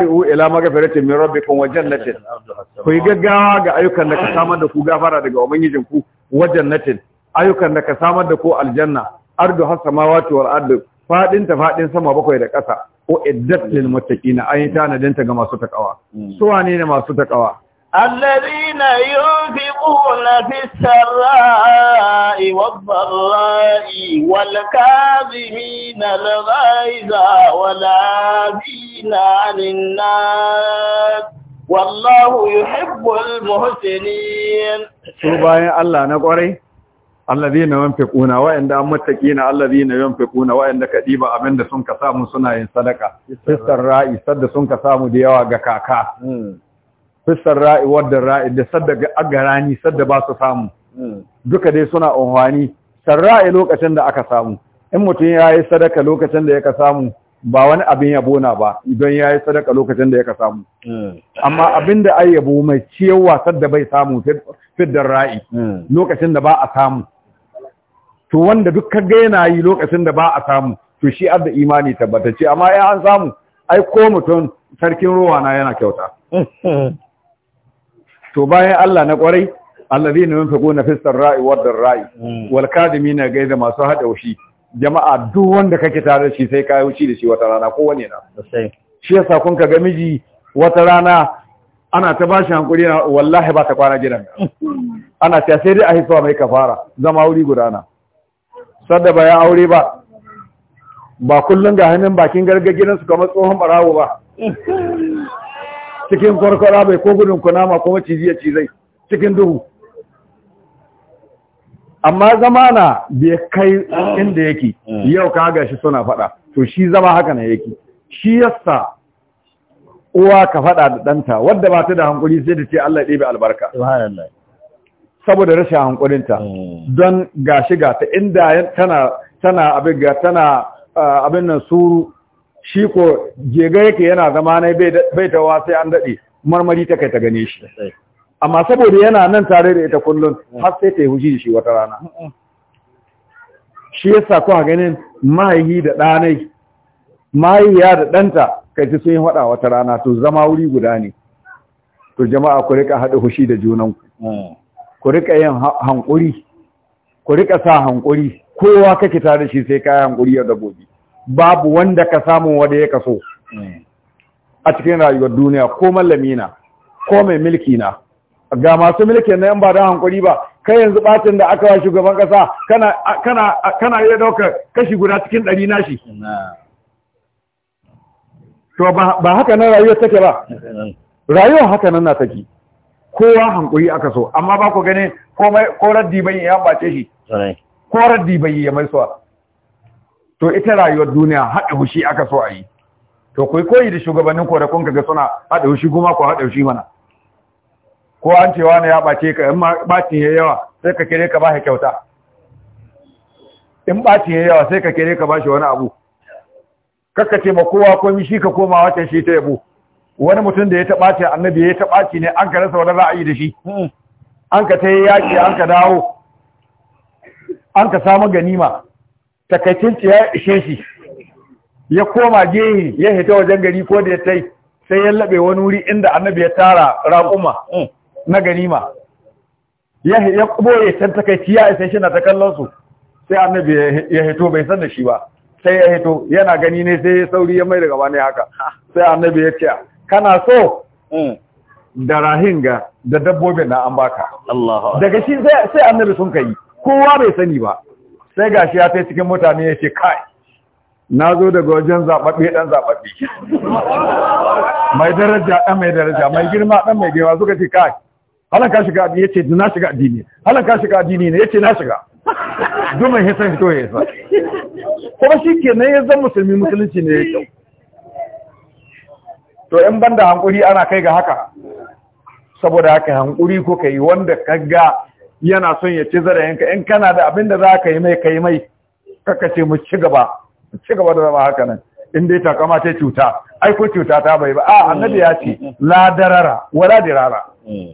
uwu ila magfiratin min rabbikum wa jannatin ku yi gaggawa ga ayyukan da ka samar da ku gafara daga ubangijin ku wa jannatin ayyukan da ka samar da ku aljanna ardu has ma wal ardu fadin ta sama bakwai da ƙasa uddat lil muttaqina ay tana danta ga masu takawa su wane ne masu takawa allazina yunfiquna fis sarai wad dharai wal kadhimina laghaiza wala dina lilna wallahu yuhibbul muhsinin su bayan allah na kwarai allazina yunfiquna wa inda muttaqina na yunfiquna wa inda kadiba abinda sun ka samu suna yin sadaka fisar ra'i sadda sun ka samu da yawa ga kaka fisar ra'i wadda ra'i da sadda ga agarani sadda ba su samu duka dai suna unhwani sarra'i lokacin da aka samu in mutum ya yi sadaka lokacin da ya ka samu ba wani abin yabo na ba idan ya yi sadaka lokacin da ya ka samu amma abinda da ai yabo mai cewa sadda bai samu fiddar ra'i lokacin da ba a samu to wanda duk ga yana yi lokacin da ba a samu to shi da imani tabbatacce amma ya an samu ai ko mutum sarkin ruwa na yana kyauta <laughs> to bayan Allah na kwarai allazina fisar ra'i wa dar ra'i. Hmm. wal kadimina gaida masu hada wushi jama'a duk wanda kake tare da shi sai kai wuci da shi wata rana ko wani na shi yasa kun ga miji wata rana ana ta bashi hankuri na wallahi ba ta kwana gidan hmm. ana ta sai dai a hisuwa mai kafara zama wuri gudana sadda ba ya aure ba ba kullum ga hannun bakin gargaginansu kamar tsohon barawo ba cikin kwarkwara bai ko gudun kunama kuma ciziya cizai cikin duhu amma zamana bai kai inda yake yau ka ga shi suna fada to shi zama haka na yake shi yasa uwa ka fada da ɗanta wadda ba ta da hankuli sai da ce Allah ɗebe albarka subhanallah saboda rashin hankulinta mm. don ga shi ga ta inda tana abin tana ah, nan suru shi ko jega yake yana zama ne bai tawa sai an daɗe marmari ta kai ta gane shi amma saboda yana nan tare da ita kullum mm. har sai ta yi da shi wata rana shi yasa kuma ganin mahaihi da ɗanai mahaihiya da ɗanta kai ta sun yi haɗa wata rana to zama wuri guda ne to jama'a ku rika haɗa hushi da junanku mm. ku rika yin hankuri ku rika sa hankuri kowa kake tare da shi sai ka hankuri yau da gobe babu wanda ka samu wanda ya kaso a cikin rayuwar duniya ko mallami na ko mai mulki na ga masu mulkin na yan ba da hankuri ba kai yanzu bacin da aka wa shugaban kasa kana kana kana iya daukar kashi guda cikin ɗari nashi to ba haka nan rayuwar take ba rayuwar haka nan na take kowa hankuri aka so amma ba ku gani ko raddi bai ya bace shi ko raddi bai ya mai so to ita rayuwar duniya haɗa hushi aka so a yi to ku koyi da shugabannin ko da kun kaga suna haɗa hushi kuma ku haɗa hushi mana ko an cewa na ya bace ka in bacin ya yawa sai ka kire ka ba shi kyauta in bacin ya yawa sai ka kire ka ba shi wani abu kakka ce ma kowa komi shi ka koma wata shi ta yabo wani mutum da ya taɓa ce annabi ya taɓa ce ne an ka rasa wani ra'ayi da shi hmm. an ka ta yi yaƙi an ka dawo an ka samu ganima takaicin ce ya ishe shi ya koma gehe ya hita wajen gari ko da ya tai sai ya laɓe wani wuri inda annabi ya tara raƙuma hmm. na ganima ya ya ɓoye can takaici ya ishe shi na ta kallon su sai annabi ya hito bai san da shi ba sai ya hito yana gani ne sai sauri ya mai daga wani haka sai annabi ya ce kana so mm. da rahinga da dabbobin na an baka daga shi sai annabi sun kai kowa bai sani ba sai gashi ya tai cikin mutane ya ce kai na zo daga wajen zaɓaɓe ɗan zaɓaɓe <laughs> mai daraja ɗan mai daraja mai girma ɗan mai girma suka ce kai Halin ka shiga addini yace na shiga addini Halin ka shiga addini ne yace na shiga <laughs> dumin hisan fito ya yi sa. kuma shi ke ya zama musulmi musulunci ne ya kyau to in banda hankuri ana kai ga haka saboda haka hankuri ko kai wanda kaga yana son ya ci zarayenka in kana da abin da za ka yi mai kai mai kaka ce mu ci gaba ci gaba da zama haka nan in dai takama ta cuta ai ko cuta ta bai ba a hmm. annabi ya ce la darara wala dirara hmm.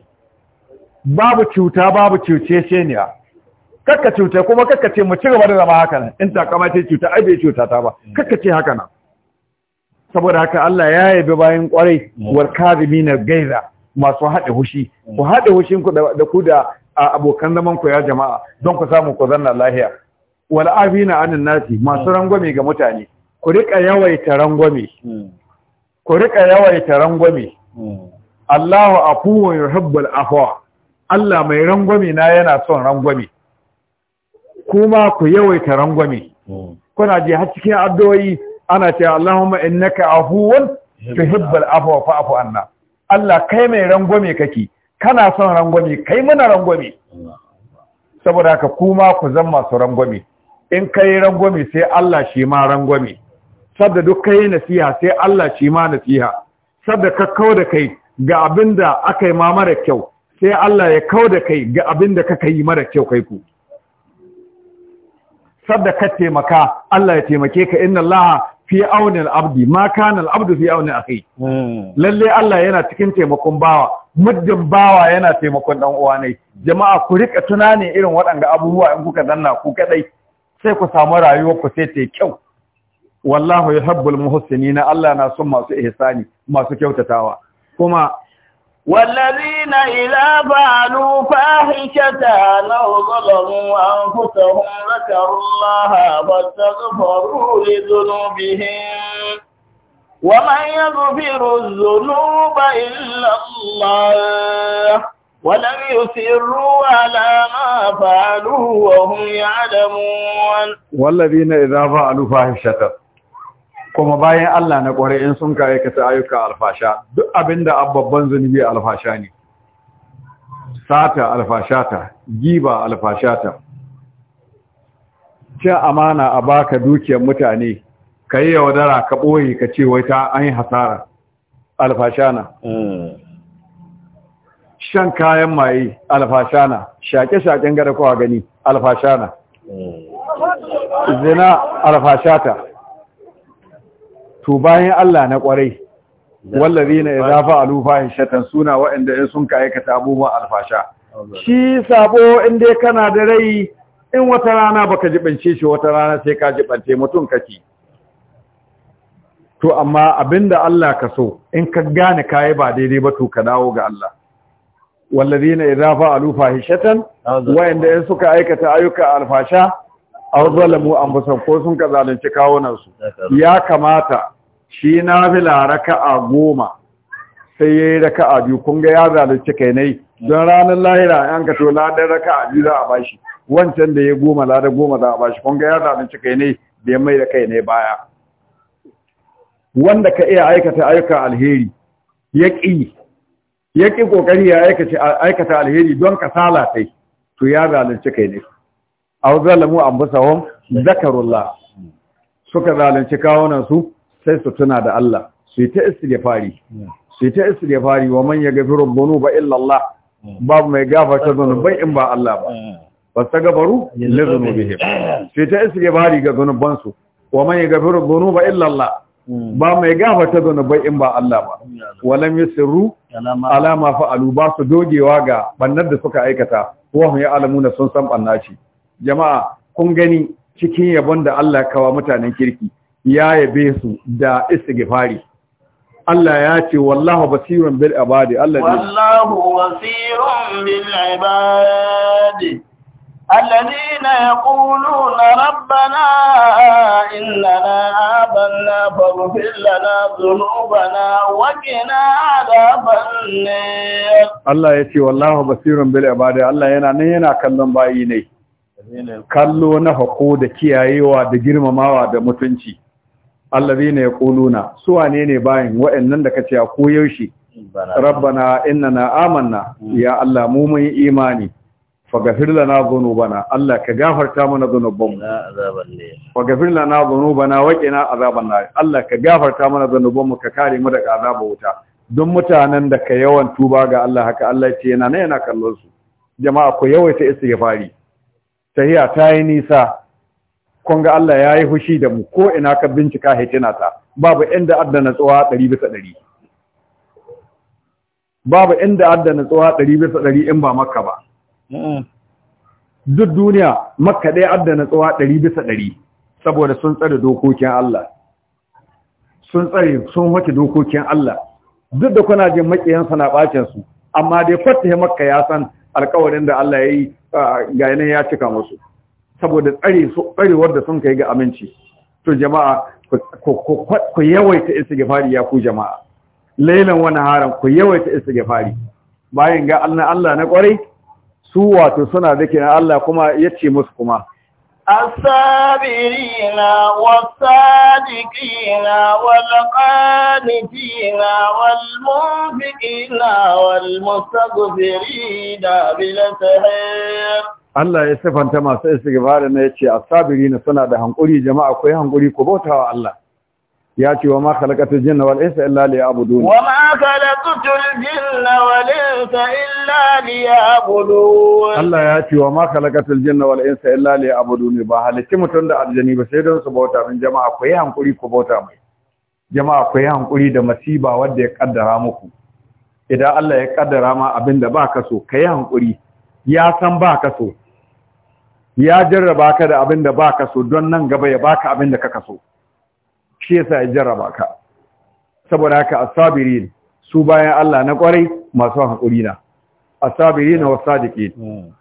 babu cuta babu cuce ce ne kaka cuta kuma kaka ce mu ci gaba da zama haka nan in takama ta cuta ai bai cuta ta ba hmm. kaka ce haka nan saboda haka Allah ya yabe bayan kwarai war na gaiza masu haɗe hushi ku haɗe hushin ku da ku da abokan zaman ku ya jama'a don ku samu ku zanna lahiya wal afina anan nasi masu rangwame ga mutane ku rika yawaita rangwame ku rika yawaita rangwame Allahu afuwun yuhibbul afwa Allah mai rangwame na yana son rangwame kuma ku yawaita rangwame kuna ji har cikin addu'o'i ana ce Allahumma innaka afuwan tuhibbul afwa fa'fu anna Allah kai mai rangwame kake kana son rangwame kai mana rangwame saboda haka kuma ku zan masu rangwame in kai rangwame sai Allah shi ma rangwame sadda duk kai nasiha sai Allah shi ma nasiha Saboda ka kawo kai ga abinda akai ma mara kyau sai Allah ya kawo da kai ga abinda kaka yi mara kyau kai ku sabda ka taimaka Allah ya taimake ka inna Allah fi aunin abdi ma kana abdu fi aunin kai hmm. lalle Allah yana cikin taimakon bawa muddin bawa yana taimakon dan uwa jama'a ku rika tunani irin waɗanda abubuwa in kuka danna ku kadai sai ku samu rayuwar ku sai ta kyau wallahu yuhibbul na Allah na son masu ihsani masu kyautatawa kuma والذين إذا فعلوا فاحشة أو ظلموا أنفسهم ذكروا الله فاستغفروا لذنوبهم ومن يغفر الذنوب إلا الله ولم يسروا على ما فعلوا وهم يعلمون والذين إذا فعلوا فاحشة kuma bayan Allah na ƙwarai in sun ka aikata ayyuka alfasha duk abinda babban zunubi alfasha ne sata alfashata giba alfashata cin amana a baka dukiyar mutane ka yi yaudara ka ɓoye ka ce wai ta an yi hasara alfashana shan kayan maye alfashana shaƙe-shaƙen gada kowa gani alfashana zina alfashata to bayan Allah na kwarai wallazi na idza fa'alu shatan suna waɗanda in sun ka aikata abubuwan alfasha shi sabo in dai kana da rai in wata rana baka jibance shi wata rana sai ka jibance mutum kake to amma abinda Allah ka so in ka gane kai ba daidai ba to ka dawo ga Allah wallazi na idza fa'alu shatan wa'anda in suka aikata ayyuka alfasha aw zalamu busan ko sun ka zalunci kawunan su ya kamata shi na nafila a goma sai ya raka raka'a biyu kun ga ya zalunci kai nai. don ranar lahira an ka to raka raka'a biyu za a bashi wancan da ya goma lada goma za a bashi kun ga ya zalunci kai nai. da ya mai da kai nai baya wanda ka iya aikata ayyukan alheri ya ƙi ya ƙi ƙoƙari ya aikata alheri don kasala kai to ya zalunci kai nai. aw zalamu anfusahum zakarullah suka zalunci kawunan su sai su tuna da Allah su yi ta istighfari su yi ta istighfari wa man yaghfiru dhunuba illa Allah babu mai gafarta zunubai in ba Allah ba Ba ta fastagfaru li dhunubihim su yi ta istighfari ga zunuban su wa man yaghfiru dhunuba illa Allah ba mai gafarta zunubai in ba Allah ba walam yusirru alama fa'alu ba su dogewa ga bannar da suka aikata wa hum ya'lamuna sun san bannaci jama'a kun gani cikin yabon da Allah kawa mutanen kirki ya yabe su da istighfari Allah ya ce wallahu basirun bil ibadi Allah ne wallahu basirun bil ibadi الذين يقولون ربنا إننا آمنا فاغفر لنا ذنوبنا وقنا عذاب النار الله يتي والله بصير بالعباد الله ينا نينا كلم بايني kallo na haƙo da kiyayewa da girmamawa da mutunci allazina ya su wane ne bayin wa'annan da kace a koyaushe rabbana na amanna hmm. ya allah mu mun imani na lana dhunubana allah ka gafarta mana dhunubanmu na lana dhunubana wa qina azaban nar allah ka gafarta mana dhunubanmu ka kare mu daga azabar wuta don mutanen da ka yawan tuba ga allah haka allah ya ce yana ne yana kallon su jama'a ku yawaita istighfari tahiya ta yi nisa kun ga Allah ya yi hushi da mu ko ina ka bincika hitina ta babu inda adda tsawa ɗari bisa ɗari babu inda adda tsawa ɗari bisa ɗari in ba makka ba duk duniya makka ɗaya adda tsawa ɗari bisa ɗari saboda sun tsare dokokin Allah sun tsare sun wace dokokin Allah duk da kuna jin makiyansa na bacin su amma dai fatahi makka ya san alkawarin da Allah ya yi ga yanayi ya cika masu saboda tsarewar da sun kai ga aminci to jama'a ku yawaita gafari ya ku jama'a lailan wani haram ku yawaita gafari bayan ga Allah na kwarai su wato suna dake na Allah kuma yace musu kuma الصابرين والصادقين والقانتين والمنفقين والمستغفرين بالسهر Allah ya sifanta masu istighfar ne yace a sabirina suna da hankuri jama'a koyi hankuri ku bauta wa Allah ya ce wa ma khalaqatul jinna wal insa illa liya'budun wa ma khalaqatul jinna wal insa illa liya'budun Allah ya ce wa ma khalaqatul jinna wal insa illa liya'budun ba halicci mutum da aljani ba sai don su bauta min jama'a ku yi hankuri ku bauta mai jama'a ku yi hankuri da masiba wanda ya kaddara muku idan Allah ya kaddara ma abin da baka so ka yi hankuri ya san baka so ya jarraba ka da abin da baka so don nan gaba ya baka abin da kaka so shi yasa ya jarraba ka saboda haka as-sabirin su bayan Allah na kwarai masu hakuri na as-sabirin wa sadiqin hmm.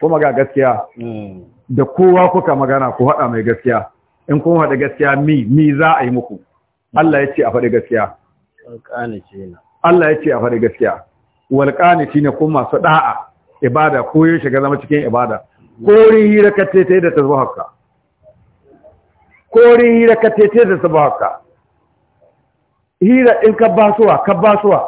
kuma ga gaskiya hmm. da kowa kuka magana ku haɗa mai gaskiya in kun haɗa gaskiya mi mi za a yi muku Allah ya ce a faɗi gaskiya Allah ya ce a faɗi gaskiya walƙanici ne kuma masu ɗa'a ibada ko yin shiga zama cikin ibada ko yin hira ta yi da ta ko wurin hira ka tece da su haka hira in ka basuwa ka basuwa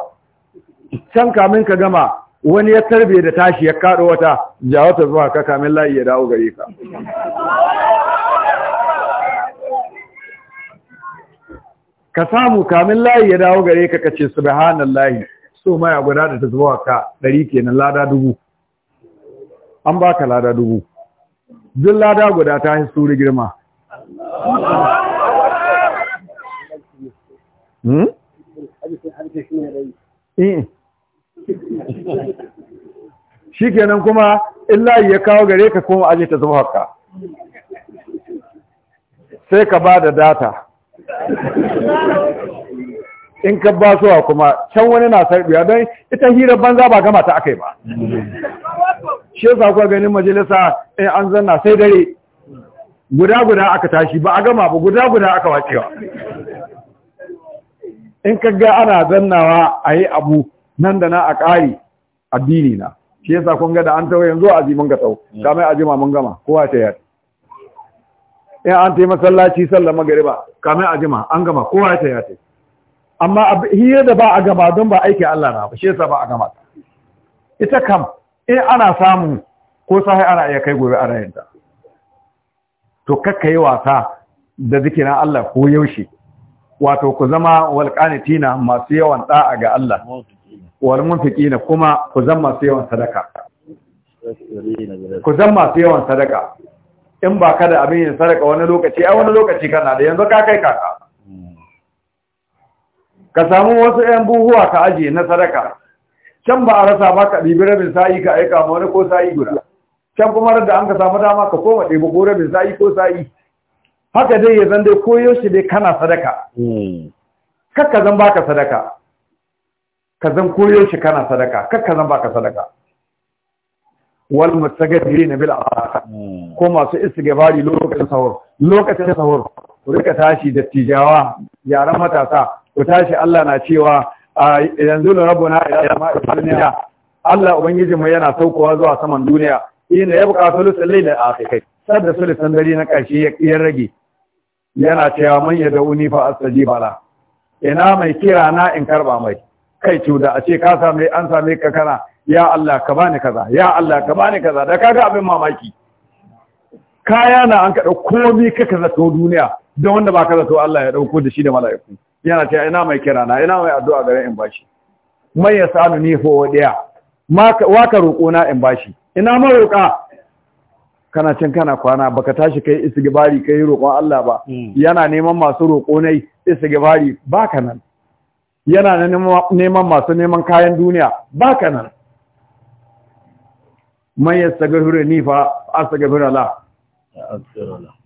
can kamin ka gama wani ya tarbe da tashi ya kaɗo wata jawata zuwa ka kamin layi ya dawo gare ka ka samu kamin layi ya dawo gare ka kace subhanallahi so maya guda da ta zuwa ka ɗari kenan lada dubu an baka lada dubu duk lada guda ta hisuri girma hmm eh. shi kenan kuma illayi ya kawo gare ka kuma aje ta zama haka sai ka ba da data in ka ba suwa kuma can wani na sarbiya don ita hirar banza ba gama ta aka yi ba shi yasa kuwa ganin majalisa in eh, an zanna sai dare guda guda aka tashi ba a gama ba guda guda aka wacewa in kaga ana zannawa a yi abu nan da na a ƙari addini na shi yasa kun ga da an tawo yanzu mm. a zimin gatsau ta mai ajima mun gama kowa ta yadda in an ta yi masallaci sallar magariba kamar ajima an gama kowa ya ta yadda amma hira da ba a gama don ba aiki Allah na ba shi yasa ba a gama ita kam in ana samu ko sahi ana iya kai gobe ana yanta to kakka yi wasa da zikirin Allah ko yaushe wato ku zama walqanitina masu yawan da'a ga Allah wal munfiqina kuma ku zama masu yawan sadaka ku zama masu yawan sadaka in ba ka da abin yin sadaka wani lokaci a wani lokaci kana da yanzu ka kai kaka ka samu wasu 'yan buhuwa ka ajiye na sadaka can ba a rasa ba ka ɗibi rabin sa'i ka aika ma wani ko sa'i guda can kuma da an ka samu dama ka koma ɗebe ko rabin sa'i ko sa'i haka dai ya zan dai koyo shi dai kana sadaka hmm. kakka zan baka sadaka ka zan koyo shi kana sadaka kakka zan baka sadaka wal na bil asar hmm. ko masu istighfari lokacin sahur lokacin sahur ku rika tashi da tijawa yaran matasa ku tashi Allah na cewa yanzu rabbuna ila a duniya. Allah ubangijinmu yana saukowa zuwa saman duniya ina ya buƙa sulusun laila a kai sai da san dare na ƙarshe ya rage yana cewa man ya da'uni fa astajiba Bala. ina mai kira na in karba mai kai cuda a ce ka same an same ka kana ya Allah ka bani kaza ya Allah ka bani kaza da kaga abin mamaki kaya na an ka komi ka kaza to duniya da wanda ba kaza to Allah ya dauko da shi da mala'iku yana cewa ina mai kira na ina mai addu'a gare in bashi mai ya sanu ni ho wadiya ma wa ka roko na in bashi ina maroƙa kana can kana kwana baka tashi kai istighfari kai roƙon Allah ba hmm. yana neman masu roƙo ne istighfari baka nan yana neman masu neman kayan duniya baka nan man yastaghfiru ni fa astaghfiru la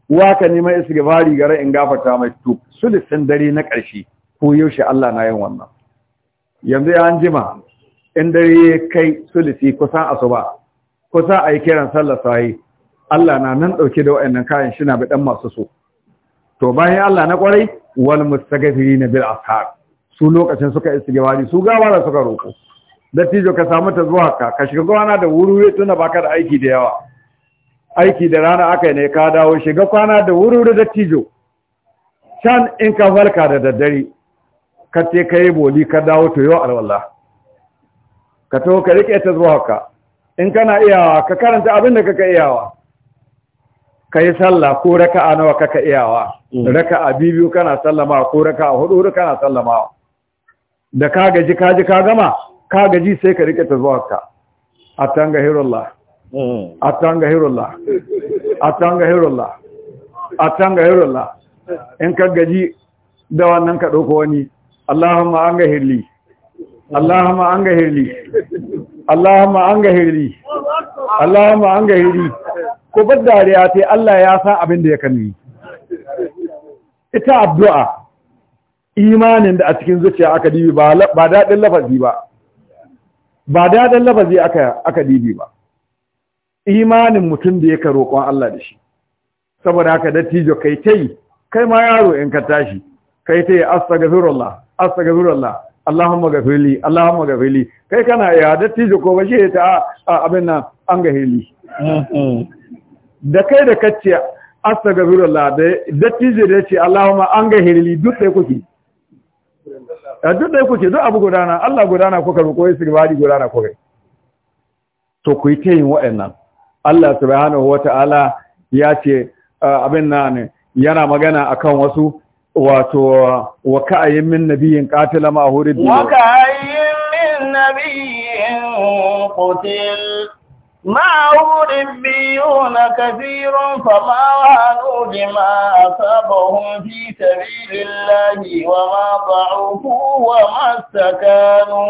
wa ka neman istighfari gare in gafarta mai to sulisin dare na ƙarshe ko yaushe Allah na yin wannan yanzu ya an jima in dare kai sulisi kusan asuba kusa a yi kiran sallar sahi Allah na nan ɗauke da wa'annan kayan shi na bi ɗan masu so to bayan Allah na ƙwarai wal mustagfiri na bil ashar su lokacin suka istighfari su gawara suka roƙo dattijo ka samu ta zuwa ka ka shiga kwana da wuri tuna baka da aiki da yawa aiki da rana aka yi ne ka dawo shiga kwana da wuri dattijo can in ka farka da daddare ka ce ka yi boli ka dawo to yau alwala ka to ka rike ta zuwa ka in kana iyawa ka karanta abin da kaka iyawa ka yi sallah ko raka'a nawa kaka iyawa mm. raka'a biyu kana sallama ko raka'a hudu kana sallama da ka gaji ka ji ka gama ka gaji sai ka rike tazwarka atangahirullah atangahirullah mm. atangahirullah atangahirullah in ka gaji da wannan ka dauko wani Allahumma an hirli. Allahumma an hirli Allahumma an gahiri Allahumma an gahiri ko bar dariya sai Allah ya san abin da ya kanni ita addu'a imanin da a cikin zuciya aka dibi ba ba dadin lafazi ba ba dadin lafazi aka aka dibi ba imanin mutum da yake roƙon Allah da shi saboda haka dattijo kai tai kai ma yaro in ka tashi kai tai astaghfirullah astaghfirullah Allahumma gafirli Allahumma gafili kai kana ya tijo ko ba shi ta abin nan an gafirli da kai da kacce astaghfirullah da tijo da ce Allahumma an gafirli duk sai kuke duk dai kuke duk abu gudana Allah gudana ko roƙo ya sirwari gudana kai. to ku yi ta yin waɗannan Allah subhanahu wata'ala ya ce abin nan yana magana akan wasu wato wa ka'ayin min nabiyin katila ma hurid wa ka'ayin min nabiyin qutil ma hurid biyun kathirun fa ma wanu bima asabahum fi sabilillahi wa ma da'ufu wa mastakanu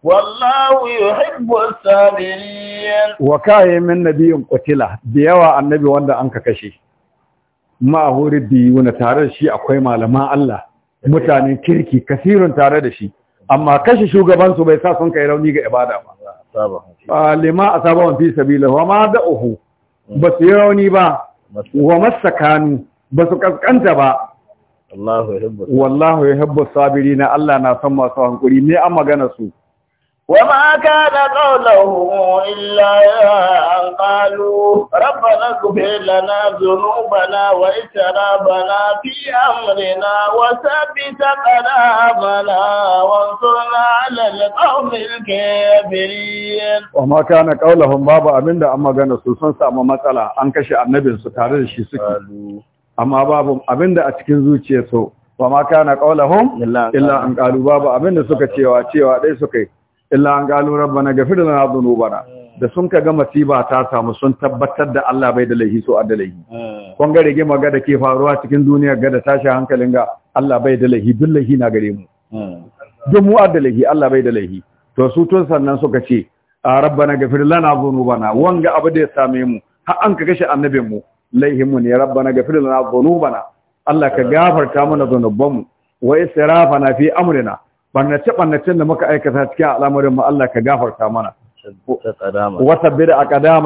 wallahu yuhibbu as-sabirin wa ka'ayin min nabiyin qutila da yawa annabi wanda an ka kashe ma'ahu wani tare da shi akwai malama Allah mutanen kirki kasirun tare da shi amma kashe shugabansu bai sa sun kai rauni ga ibada ba ah, lima a sabon fi sabila wa ma da uhu mm. ba su yi rauni ba wa masakanu ba su kaskanta ba wallahu ya habbu sabiri na Allah na san masu hankuri ne an magana su Wamaka na ƙaulahu illa an ƙalu. Rabba na abin da an magana soson su amma matsala, an kashe annabinsu tare da shi suke. Amma babu abin a cikin zuciyar su, wamaka na ƙaulahu illa an ƙalu, babu abin da suka cewa-cewa ɗaya suka yi. illa an galu rabbana ghafir lana dhunubana eh. da sun kaga masiba ta samu sun tabbatar da Allah bai da laihi so adalai eh. kun ga rige maga da ke faruwa cikin duniya ga da tashi hankalin ga Allah bai da laihi billahi na gare mu eh. duk mu adalai Allah bai da laihi to su tun sannan suka ce a rabbana ghafir lana dhunubana wanga abu da ya same mu Ha an kaga shi annabin mu laihin mu ne rabbana ghafir lana dhunubana Allah ka gafarta mana dhunubanmu wa israfana fi amrina barnace barnacen da muka aikata cikin al'amarin mu Allah ka gafarta mana wata bida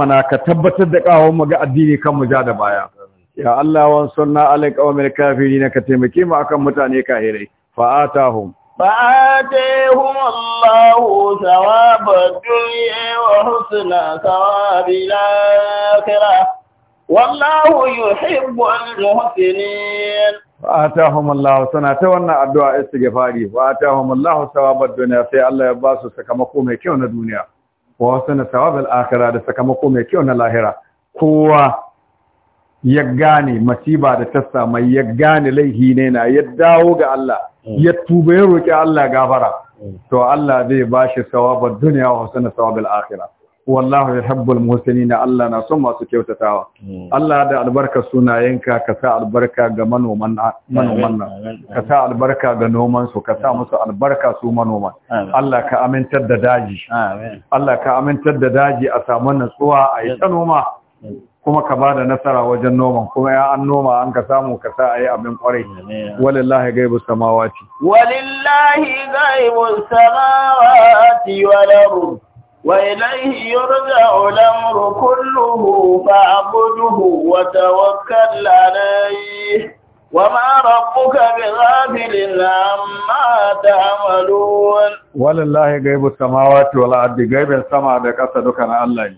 na ka tabbatar da kawon mu ga addini kan mu ja da baya ya Allah wan sunna kafiri na ka taimake mu akan mutane kahirai fa atahum فآتيهم الله ثواب الدنيا وحسن ثواب الآخرة والله يحب المحسنين atahum suna ta wannan addu'a istighfari wa atahum sawabad dunya sai Allah ya ba su sakamako mai kyau na duniya wa sana sawabal akhirah da sakamako mai kyau na lahira kowa ya gane masiba da ta mai ya gane laihi ne na ya dawo ga Allah ya tuba ya roki Allah gafara mm. to Allah zai ba shi sawabad dunya wa sana sawabal akhirah wallahu yuhibbul muhsinin Allah na son masu kyautatawa hmm. Allah da albarka sunayenka ka sa albarka ga manoman manoman nan ka sa albarka ga noman su ka sa musu albarka su manoman Allah ka amintar da daji Allah ka amintar da daji a samu nutsuwa a yi ta noma kuma ka bada nasara wajen noman kuma ya an noma an ka samu ka sa ayi abin kwarai walillahi gaibu samawati walillahi gaibu samawati wal ardh وإليه يرجع الأمر كله فاعبده وتوكل عليه وما ربك بغافل عما تعملون ولله غيب السماوات والأرض غيب السماء بكسدك أنا الله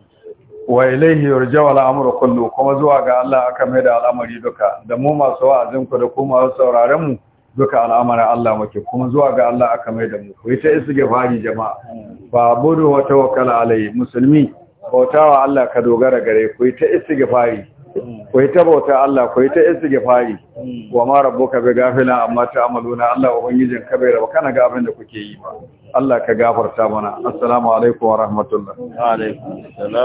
وإليه يرجع الأمر كله كما زوا ga Allah aka mai da al'amari duka da mu masu wa'azin da kuma sauraron duka al'amara Allah muke kuma zuwa ga Allah aka mai da mu ku ta istighfari jama'a ba budu wa tawakkal alai musulmi bautawa Allah ka dogara gare ku ta istighfari ku ta bauta Allah ku ta istighfari wa ma rabbuka bi gafila amma ta'maluna Allah ubangijin ka bai raba kana ga abin da kuke yi ba Allah ka gafarta mana assalamu alaikum wa rahmatullah